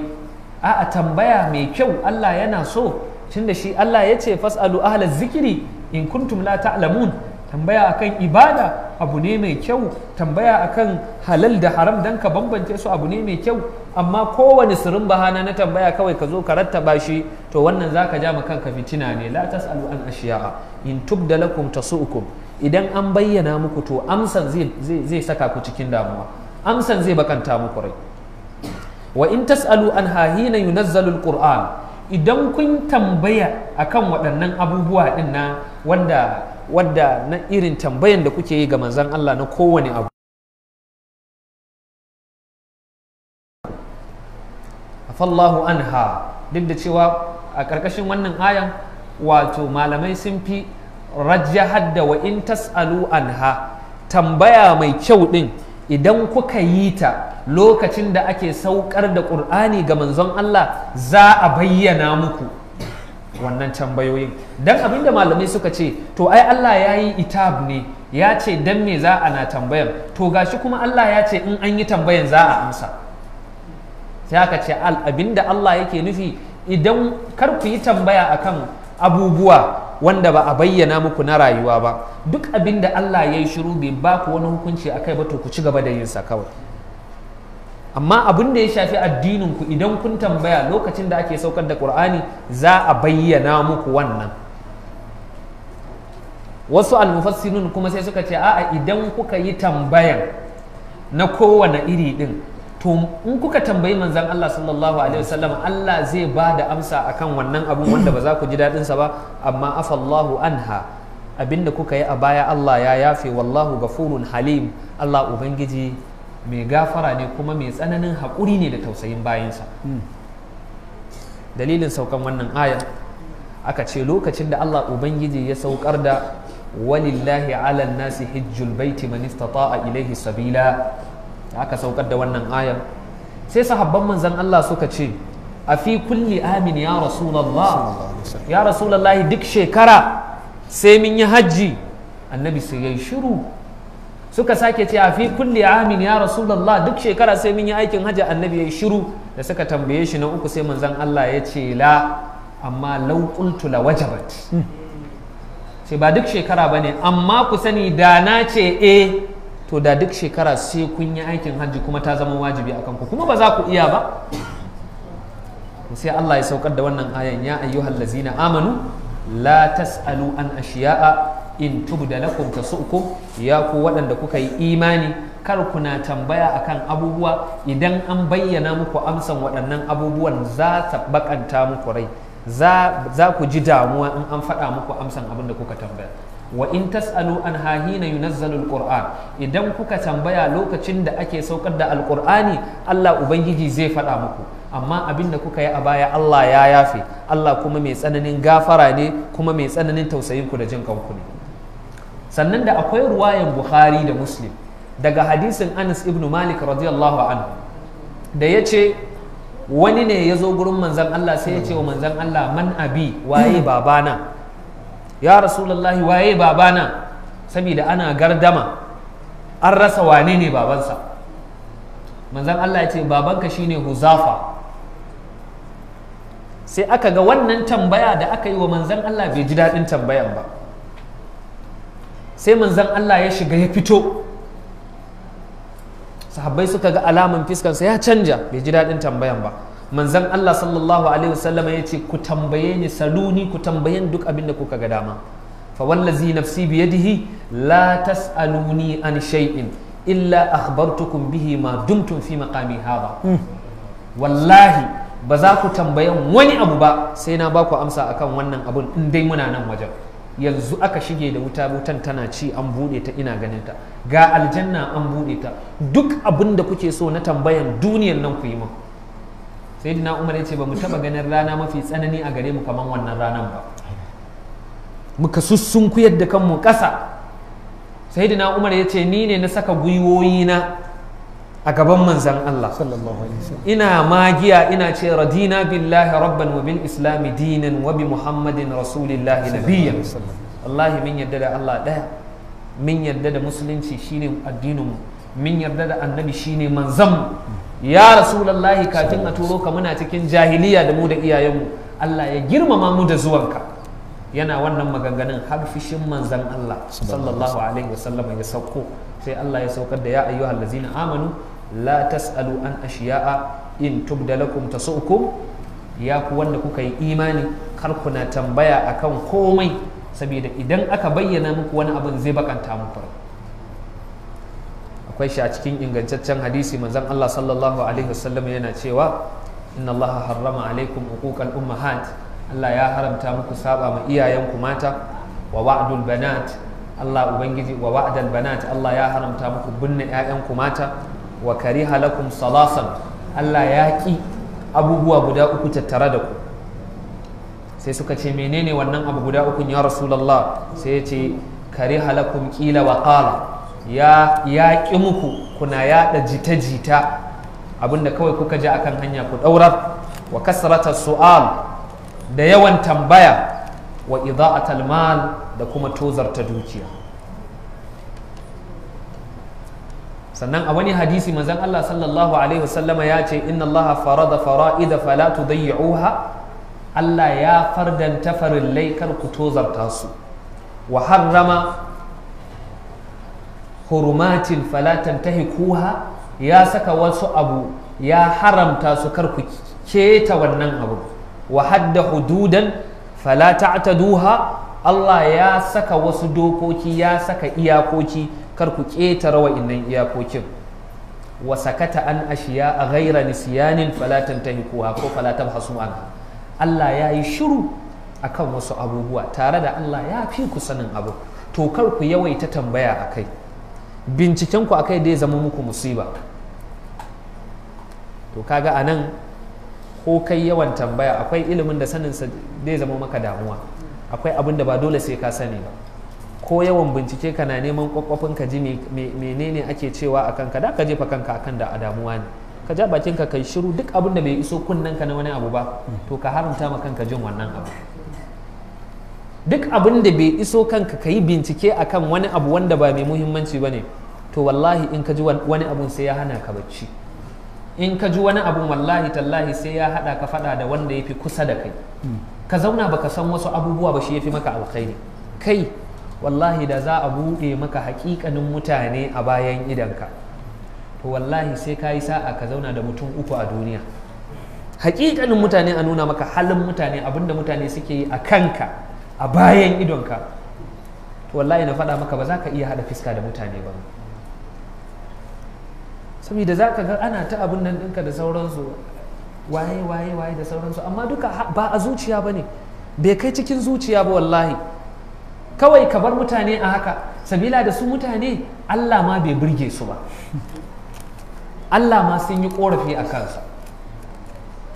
a tambaya mai kyau Allah yana so Tun da shi Allah ya ce fas'alu ahlaz zikiri in kuntum la ta'lamun tambaya akan ibada abu ne mai kyau tambaya akan halal da haram dan ka bambance su abu ne mai kyau amma kowane sirin bahana na tambaya kawai ka zo ka rattaba shi to wannan zaka ja ma kanka fitina ne la tasalu an ashiya in tubda lakum tasu'ukum idan an bayyana muku to amsan zai saka ku cikin damuwa amsan zai bakanta muku rai wa in tas'alu an hahina yunazzalul qur'an idan kun tambaya akan waɗannan abubuwa ɗin na wadda na irin tambayan da kuke yi ga manzan Allah na kowane abu fallahu anha duk da cewa a ƙarƙashin wannan ayan wato malamai sun fi rajjahar da wa in tas'alu anha tambaya mai kyau ɗin idan kuka yi ta lokacin da ake saukar da ƙur'ani ga manzon Allah za a bayyana muku wannan tambayoyin dan abinda malamai suka ce to ai Allah ya yi itab ne ya ce dan me za a na tambayan to gashi kuma Allah ya ce in an yi tambayan za a amsa sai aka ce al abinda Allah yake nufi idan kar ku yi tambaya akan abubuwa wanda ba a bayyana muku na rayuwa ba duk abin da Allah ya yi shiru bai ba ku wani hukunci a kai ba to ku ci gaba da yin sa kawai amma abin da ya shafi addinin ku idan kun tambaya lokacin da ake saukar da Qur'ani za a bayyana muku wannan wasu almufassirun kuma sai suka ce a'a idan kuka yi tambayan na kowane iri din to in kuka tambayi manzan Allah sallallahu alaihi wasallam Allah zai ba da amsa akan wannan abun wanda ba za ku ji daɗin sa ba amma afallahu anha abinda kuka yi a baya Allah ya yafe wallahu gafurun halim Allah ubangiji mai gafara ne kuma mai tsananin haƙuri ne da tausayin bayansa hmm. dalilin saukan wannan aya aka ce lokacin da Allah ubangiji ya saukar da walillahi ala nasi hijjul baiti man istata'a ilaihi sabila aka saukar da wannan ayar sai sahabban manzan Allah suka ce a fi kulli amin ya rasulallah ya rasulallah duk shekara sai mun yi hajji annabi sai ya yi shiru suka sake ce a fi kulli amin ya rasulallah duk shekara sai mun yi aikin hajji annabi ya yi shiru da suka tambaye shi na uku sai manzan Allah ya ce la amma lau qultu la wajabat hmm. sai ba duk shekara bane amma ku sani da na ce eh to da duk shekara sai kun yi aikin hajji kuma ta zama wajibi a ku kuma ba za ku iya ba sai Allah ya saukar da wannan ayan ya ayyuhal lazina amanu la tas'alu an ashiya'a in tubda lakum tasu'kum ya ku waɗanda kuka yi imani kar kuna tambaya akan abubuwa idan an bayyana muku amsan waɗannan abubuwan za ta bakanta muku rai za ku ji damuwa in an faɗa muku amsan abin da kuka tambaya wa in tas'alu an hahina yunazzalu alquran idan kuka tambaya lokacin da ake saukar da alqur'ani Allah ubangiji zai faɗa muku amma abin da kuka yi a baya Allah ya yafe Allah kuma mai tsananin gafara ne kuma mai tsananin tausayin ku da jin kanku ne sannan da akwai ruwayan Bukhari da Muslim daga hadisin Anas ibn Malik radiyallahu anhu da yace wani ne ya zo gurin manzon Allah sai ya ce wa manzan Allah man abi waye babana ya rasulullahi waye babana saboda ana gardama an rasa wane ne babansa manzan Allah ya ce babanka shine huzafa sai aka ga wannan tambaya da aka yi wa manzan Allah bai ji daɗin tambayan ba sai manzan Allah ya shiga ya fito sahabbai suka ga alaman fiskansa ya canja bai ji daɗin tambayan ba manzon Allah sallallahu alaihi wasallama ya ce ku tambaye ni saluni ku tambayen duk abin da kuka ga dama fa wallazi nafsi biyadihi la tasaluni an shay'in illa akhbartukum bihi ma dumtum fi maqami hadha hmm. wallahi ba za ku tambayan wani abu ba sai na ba ku amsa akan wannan abun in dai muna nan wajen yanzu aka shige da wuta wutan tana ci an buɗe ta ina ganin ta ga aljanna an buɗe ta duk abin da kuke so na tambayan duniyar nan ku yi min sayyidina umar ya ce ba mu taba ganin rana mafi tsanani a gare mu kamar wannan ranar ba muka sussunkuyar da kanmu ƙasa sayyidina umar ya ce ni ne na saka gwiwoyina a gaban manzan Allah ina magiya ina ce radina billahi rabban wa bil islami dinan wa bi muhammadin rasulillahi nabiyyan wallahi min yadda da Allah daya min yadda da musulunci shine addininmu min yarda da annabi shine manzanmu ya rasulullahi kafin a turo ka muna cikin jahiliya da mu da iyayenmu Allah ya girmama mu da zuwanka yana wannan maganganun har fishin manzan Allah sallallahu alaihi wasallam ya sauko sai Allah ya saukar da ya ayyuhal ladzina amanu la tasalu an ashiya'a in tubda lakum tasukum ya ku wanda kuka yi imani kar kuna tambaya akan komai saboda idan aka bayyana muku wani abin zai bakanta muku akwai shi a cikin ingantaccen hadisi manzan Allah sallallahu alaihi wasallam yana cewa inna Allah harrama alaikum uquqal ummahat Allah ya haramta muku saba ma iyayenku mata wa wa'dul banat Allah ubangiji wa wa'dal banat Allah ya haramta muku binne ƴaƴanku mata wa kariha lakum salasan Allah ya ki abubuwa guda uku tattare da ku sai suka ce menene wannan abu guda uku ya rasulullah sai ya ce kariha lakum qila wa qala ya ya ƙi muku kuna yaɗa jita-jita abinda kawai kuka ji akan hanya ku ɗaurar wa kasrata su'al da yawan tambaya wa idha'atal mal da kuma tozarta dukiya sannan a wani hadisi manzon Allah sallallahu alaihi wasallama ya ce inna Allah farada fara'ida fala tudayyi'uha Allah ya fardanta farillai kar ku tozarta su wa harrama hurumatin falatan ta hikuha ya saka wasu abu ya haramta su karku keta wannan abu wa hadda hududan ta duha Allah ya saka wasu dokoki ya saka iyakoki kar ku rawa innan iyakokin wa sakata an ashiya a ghaira nisyanin fala tantahikuha ko falata tabhasu anha Allah ya yi shiru akan wasu abubuwa tare da Allah ya fi ku sanin abu to kar ku yawaita tambaya a kai. bincikenku a kai dai zama muku musiba to kaga a nan ko kai yawan tambaya akwai ilimin da saninsa dai zama maka damuwa akwai abin da ba dole sai ka sani ba ko yawan bincike kana neman kwakwafin ka ji menene ake cewa a kanka da ka jefa kanka akan da a damuwa ne ka ja ka kai shiru duk abin da bai iso kunnen ka na wani abu ba to ka haramta ma kanka jin wannan abu duk abin da bai iso kanka ka yi bincike kan wani abu wanda ba mai muhimmanci ba ne to wallahi in ka ji wani abun sai ya hana ka bacci in ka ji wani abun wallahi tallahi sai ya hada ka fada da wanda ya fi kusa da kai ka zauna baka san wasu abubuwa ba shi ya fi maka alkhairi kai wallahi da za a buɗe maka haƙiƙanin mutane a bayan idanka to wallahi sai ka yi sa'a ka zauna da mutum uku a duniya haƙiƙanin mutane a nuna maka halin mutane abinda mutane suke yi a kanka a bayan idonka to wallahi na faɗa maka ba za ka iya haɗa fiska da mutane ba saboda za ka ga ana ta abin nan ɗinka da sauransu waye waye waye da sauransu amma duka ba a zuciya ba ne bai kai cikin zuciya ba wallahi kawai ka bar mutane a haka sabila da su mutane allah ma bai birge su ba allah ma sun yi korafi a kansa.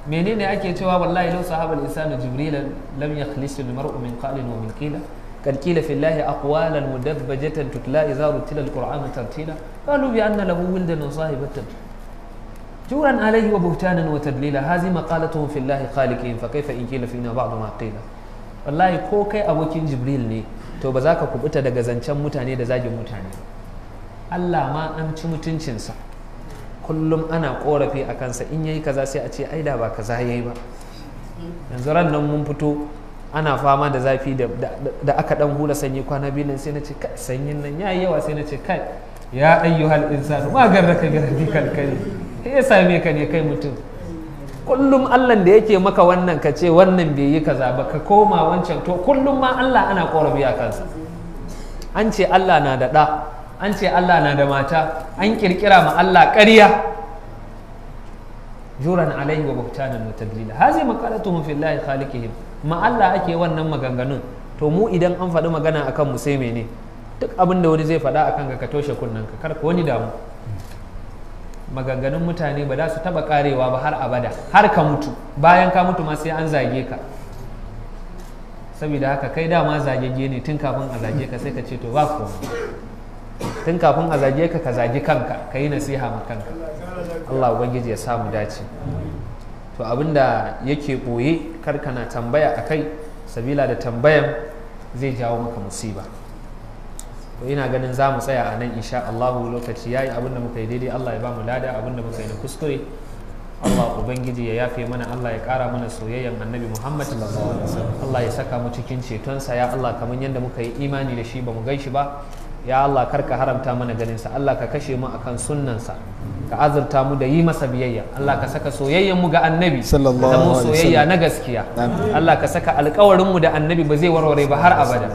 menene ake cewa wallahi lau sahabar insanu jibril lam ya khalisul mar'u min qalin wa min qila qad qila fi llahi aqwalan mudabbajatan tutla idha rutila alqur'ana tartila qalu bi anna lahu wildan wa alayhi wa buhtanan wa tadlila hazi maqalatuhum fi llahi khaliqin fa kayfa in qila fina ba'd ma qila wallahi ko kai abokin jibril ne to baza ka kubuta daga zancen mutane da zagin mutane Allah ma an ci mutuncinsa kullum ana korafi a kansa in yayi kaza sai a ce ai da ba kaza yayi ba yanzu ran nan mun fito ana fama da zafi da aka dan hula sanyi kwana biyu nan sai na ce kai sanyin nan yayi yawa sai na ce kai ya ayyuhal insanu ma garraka bi rabbikal karim ya same ka ne kai mutum kullum Allah da yake maka wannan ka ce wannan bai yi kaza ba ka koma wancan to kullum ma Allah ana korafi a kansa an ce Allah na da ɗa an ce Allah na da mata an kirkira ma Allah ƙarya juran alaihi wa buhtanan wa tadlila hazi maqalatuhum fillahi khaliqihim ma Allah ake wannan maganganun to mu idan an faɗi magana akan mu sai ne duk abin da wani zai faɗa akan ka toshe kunnen ka kar wani damu maganganun mutane ba za su taba karewa ba har abada har ka mutu bayan ka mutu ma sai an zage ka saboda haka kai dama zagegge ne tun kafin a zage ka sai ka ce to ba komai tun kafin a zage ka ka zagi kanka ka yi nasiha ma kanka Allah ubangiji ya samu dace to abinda yake boye na tambaya a kai sabila da tambayan zai jawo maka musiba to ina ganin za mu tsaya a nan insha Allah lokaci yayi abinda muka yi daidai Allah ya ba mu lada abinda muka yi na kuskure Allah Ubangiji ya yafe mana Allah ya kara mana soyayyan annabi Muhammad Allah ya saka mu cikin cetonsa ya Allah kamar yadda muka yi imani da shi ba mu gan shi ba ya Allah kar ka haramta mana ganinsa Allah ka kashe mu akan sunnansa ka azurta mu da yi masa biyayya Allah ka saka soyayyen mu ga annabi da mu soyayya na gaskiya Allah ka saka alƙawarin mu da annabi ba zai warware ba har abada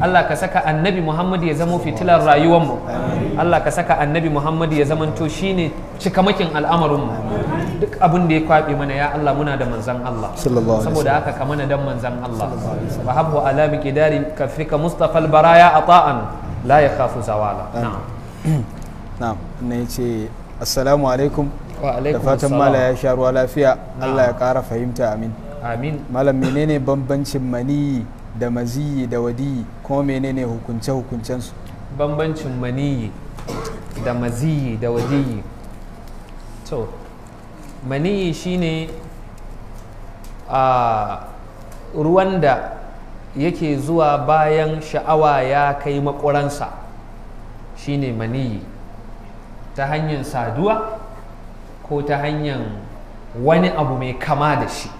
Allah ka saka annabi Muhammad ya zama fitilar rayuwar mu Allah ka saka annabi Muhammad ya zamanto shine cikamakin al'amarin mu duk abin da ya kwabe mana ya Allah muna da manzan Allah saboda haka ka mana dan manzan Allah wa habbu ala ka kafika mustafa al-baraya ata'an la ya kafu zawala na'am ne ce assalamu alaikum da fatan mala ya sha ruwa lafiya Allah ya kara fahimta amin amin malam menene bambancin maniyi da maziyi da wadiyi kuma menene hukunce hukuncen su bambancin maniyi da maziyi da wadiyi to maniyi shine a ruwan da yake zuwa bayan sha'awa ya kai makuransa shine maniyi ta hanyar saduwa ko ta hanyar wani abu mai kama da shi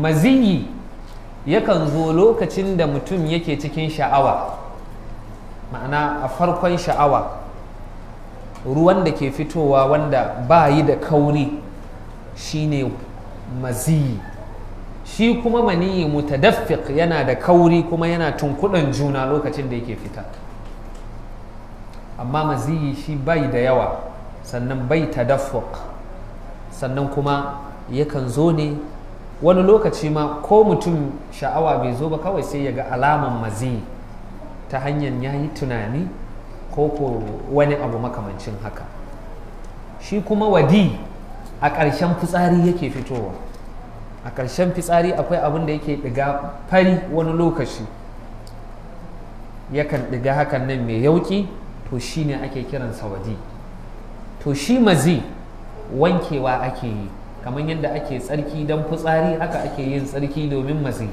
maziyi yakan zo lokacin da mutum yake cikin sha'awa ma'ana a farkon sha'awa ruwan da ke fitowa wanda ba yi da kauri shine maziyi shi kuma maniyi mutadaffiq yana da kauri kuma yana tunkuɗan juna lokacin da yake fita amma maziyi shi bai da yawa sannan bai ta tadaffuq sannan kuma yakan zo ne wani lokaci ma ko mutum sha'awa bai zo ba kawai sai ya ga alaman maziyi ta hanyar ya yi tunani ko ko wani abu makamancin haka shi kuma wadi a ƙarshen fitsari yake fitowa a ƙarshen fitsari akwai abin da yake ɗiga fari wani lokaci yakan ɗiga hakan nan mai yauƙi to shi ne ake kiransa sawadi to shi mazi wankewa ake yi kamar yadda ake tsarki don fitsari haka ake yin tsarki domin mazi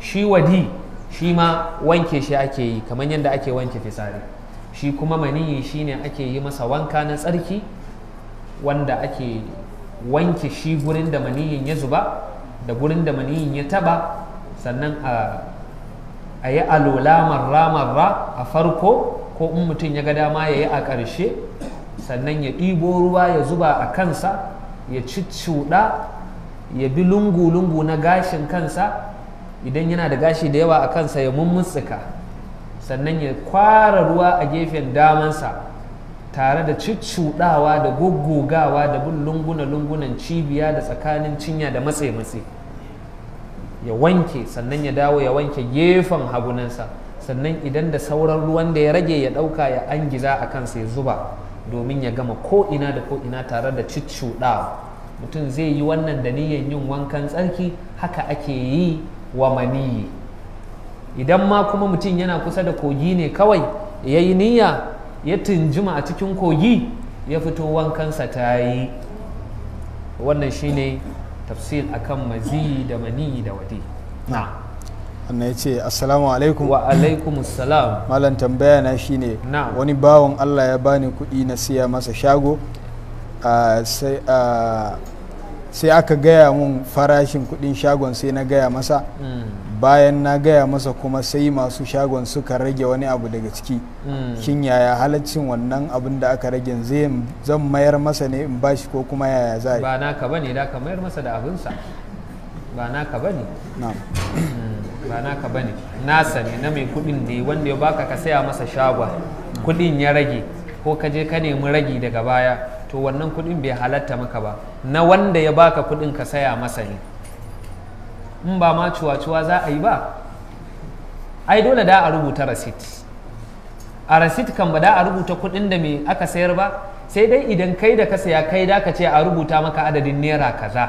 shi wadi shi ma wanke shi ake yi kamar yadda ake wanke fitsari shi kuma maniyi ne ake yi masa wanka na tsarki wanda ake wanke shi gurin da maniyin ya zuba da gurin da maniyin ya taba sannan a yi alola marra marra a farko ko in mutum ya ga dama ya yi a ƙarshe sannan ya ɗibo ruwa ya zuba a kansa ya cuɗa ya bi lungu-lungu na gashin kansa idan yana da gashi da yawa a kansa ya mummutsuka sannan ya kwara ruwa a gefen damansa tare da cuccuɗawa da guggugawa da bin lunguna-lungunan cibiya da tsakanin cinya da matse-matse ya wanke sannan ya dawo ya wanke gefen hagunansa sannan idan da sauran ruwan da ya rage ya ɗauka ya angiza a kansa ya zuba domin ya gama ko'ina da ko'ina tare da cuccuɗawa mutum zai yi wannan da niyan yin wankan tsarki haka ake yi wa maniyi idan ma kuma mutum yana kusa da kogi ne kawai ya yi niyya ya tunjima a cikin kogi ya fito wankansa ta yi wannan shine tafsir akan mazi da mani da wadi na wannan ya ce assalamu alaikum wa alaikum assalam malam tambaya na shine wani bawan allah ya bani kuɗi na siya masa shago sai aka gaya mun farashin kuɗin shagon sai na gaya masa hmm. bayan na gaya masa kuma sai masu shagon suka rage wani abu daga ciki hmm. shin yaya halaccin wannan abin da aka rage zan mayar masa ne in bashi ko kuma yaya za ba naka ba ne da ka mayar masa da abinsa ba na ka ba ne ba naka hmm, ba ne nasa ne na mai kudin da wanda ya baka ka saya masa shagon kudin ya rage ko ka je ka nemi ragi daga baya to wannan kudin bai halatta maka ba na wanda ya baka kudin ka saya masa ne in ba ma cuwa-cuwa za a yi ba ai dole da a rubuta rasit a rasit kan ba da a rubuta kuɗin da me aka sayar ba sai dai idan kai da ka saya kai da ka ce a rubuta maka adadin naira kaza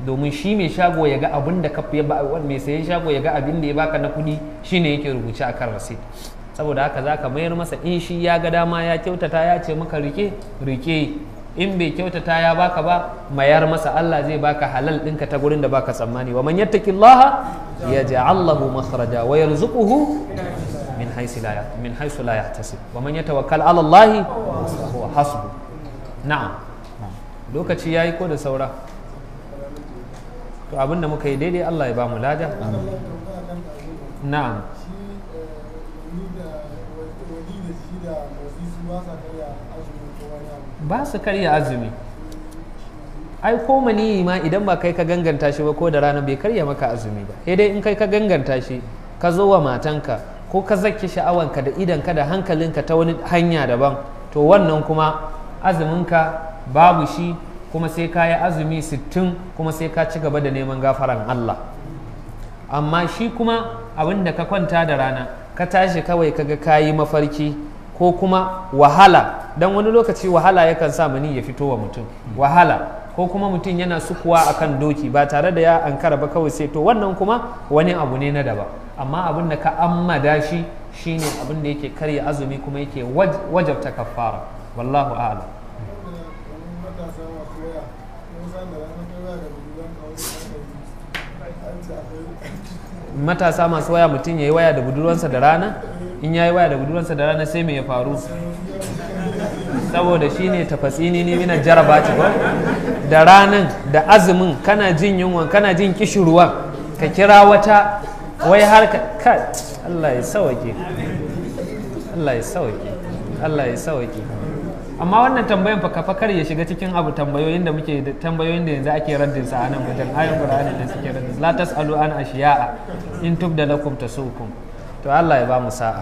domin shi mai shago ya ga abin da kafa mai sayan shago ya ga abin da ya baka na kuɗi shine yake rubuce akan rasit saboda haka za ka mayar masa in shi ya ga dama ya kyautata ya ce maka rike rike in bai kyautata ya baka ba mayar masa Allah zai baka halal ɗinka ta gurin da baka tsammani wa man ya yaj'al allahu makhraja wa yarzuquhu min haythu la min haythu la yahtasib wa man yatawakkal 'ala Allah huwa hasbu na'am lokaci yayi ko da saura to abinda muka yi daidai Allah ya ba mu lada na'am eh, ba su karya azumi ai ko maniyi ma idan ba kai ka ganganta shi ba ko da rana bai karya maka azumi ba sai dai in kai ka ganganta shi ka zo wa matanka ko ka zaki sha'awanka da idanka da hankalinka ta wani hanya daban to wannan kuma ka babu shi kuma sai ka yi azumi sittin kuma sai ka ci gaba da neman gafaran Allah amma shi kuma abin da ka kwanta da rana ka tashi kawai ka ga kayi mafarki ko kuma wahala dan wani lokaci wahala yakan sa mani ya fito wa mutum wahala ko kuma mutum yana sukuwa akan doki ba tare da ya ankara ba kawai sai to wannan kuma wani abu ne na daba amma abin da ka ammada shi shine abin da yake karya azumi kuma yake wajabta kafara wallahu a'lam matasa masu waya mutum ya yi waya da budurwansa da rana in yayi waya da budurarsa da rana sai me ya faru saboda shine tafasini ne mina jaraba ba da ranan da azumin kana jin yunwan kana jin kishirwa ka kira wata wai har ka Allah ya sauke Allah ya sauke Allah ya sauke amma wannan tambayan fa kafakar ya shiga cikin abu tambayoyin da muke tambayoyin da yanzu ake raddin sa anan wajen ayoyin Qur'ani da suke raddin la tasalu an ashiya'a in tubda lakum tasukum to Allah ya ba mu sa'a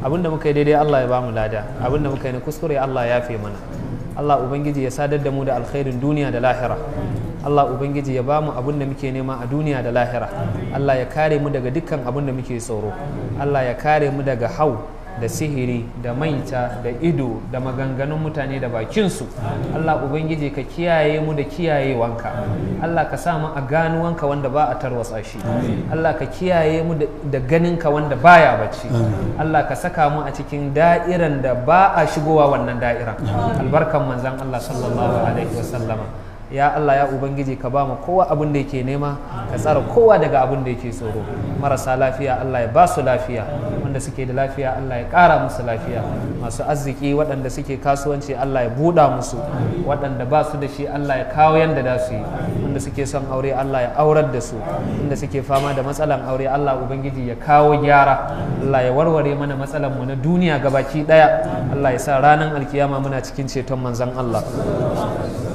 abinda muka yi daidai Allah ya ba mu lada abinda muka yi na kuskure Allah ya fi mana Allah ubangiji ya sadar da mu da alkhairin duniya da lahira Allah Ubangiji ya bamu abin da muke nema a duniya da lahira Allah ya kare mu daga dukkan abin da muke tsoro Allah ya kare mu daga hau da sihiri da maita da ido da maganganun mutane da bakinsu Allah ubangiji ka kiyaye mu da kiyaye wanka. Allah ka sa mu a wanka wanda ba a tarwatsa shi Allah ka kiyaye mu da ganinka wanda baya bacci Allah ka saka mu a cikin da'iran da ba a shigowa wannan da'iran albarkan manzon Allah sallallahu alaihi wasallama ya Allah ya ubangiji ka ba mu kowa abin da yake nema ka tsara kowa daga abin da yake tsoro marasa lafiya Allah ya ba su lafiya wanda suke da lafiya Allah ya ƙara musu lafiya masu arziki waɗanda suke kasuwanci Allah ya buɗa musu waɗanda ba su da shi Allah ya kawo yanda da su yi wanda suke son aure Allah ya aurar da su wanda suke fama da matsalan aure Allah ubangiji ya kawo gyara Allah ya warware mana matsalan mu na duniya gabaki ɗaya. Allah ya sa ranar alkiyama muna cikin ceton manzon Allah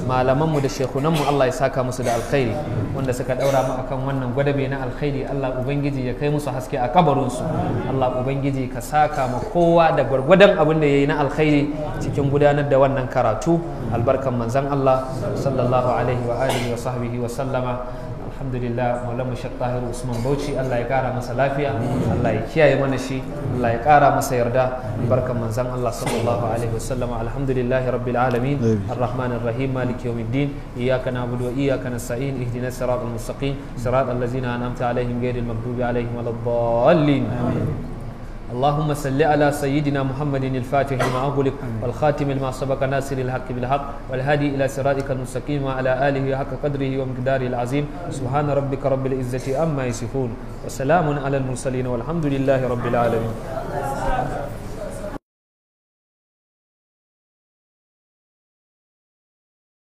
malamanmu da shekunanmu Allah ya saka musu da alkhairi wanda suka daura mu akan wannan gwadabe na alkhairi Allah ubangiji ya kai musu haske a kabarinsu Allah ubangiji ka saka ma kowa da gwargwadon abin da yayi na alkhairi cikin gudanar da wannan karatu albarkan manzon Allah sallallahu alaihi wa alihi wa sahbihi wa sallama alhamdulillah maulana shek tahiru usman bauchi allah ya kara masa lafiya allah ya kiyaye mana shi allah ya kara masa yarda barkan manzon allah sallallahu alaihi wasallam alhamdulillahi rabbil alamin arrahmanir rahim maliki yawmiddin iyyaka na'budu wa iyyaka nasta'in ihdinas siratal mustaqim siratal ladzina an'amta alaihim ghairil maghdubi alaihim waladdallin amin اللهم صل على سيدنا محمد الفاتح لما أغلق والخاتم لما سبق ناصر الحق بالحق والهادي إلى صراطك المستقيم وعلى آله حق قدره ومقداره العظيم سبحان ربك رب العزة أما يصفون وسلام على المرسلين والحمد لله رب العالمين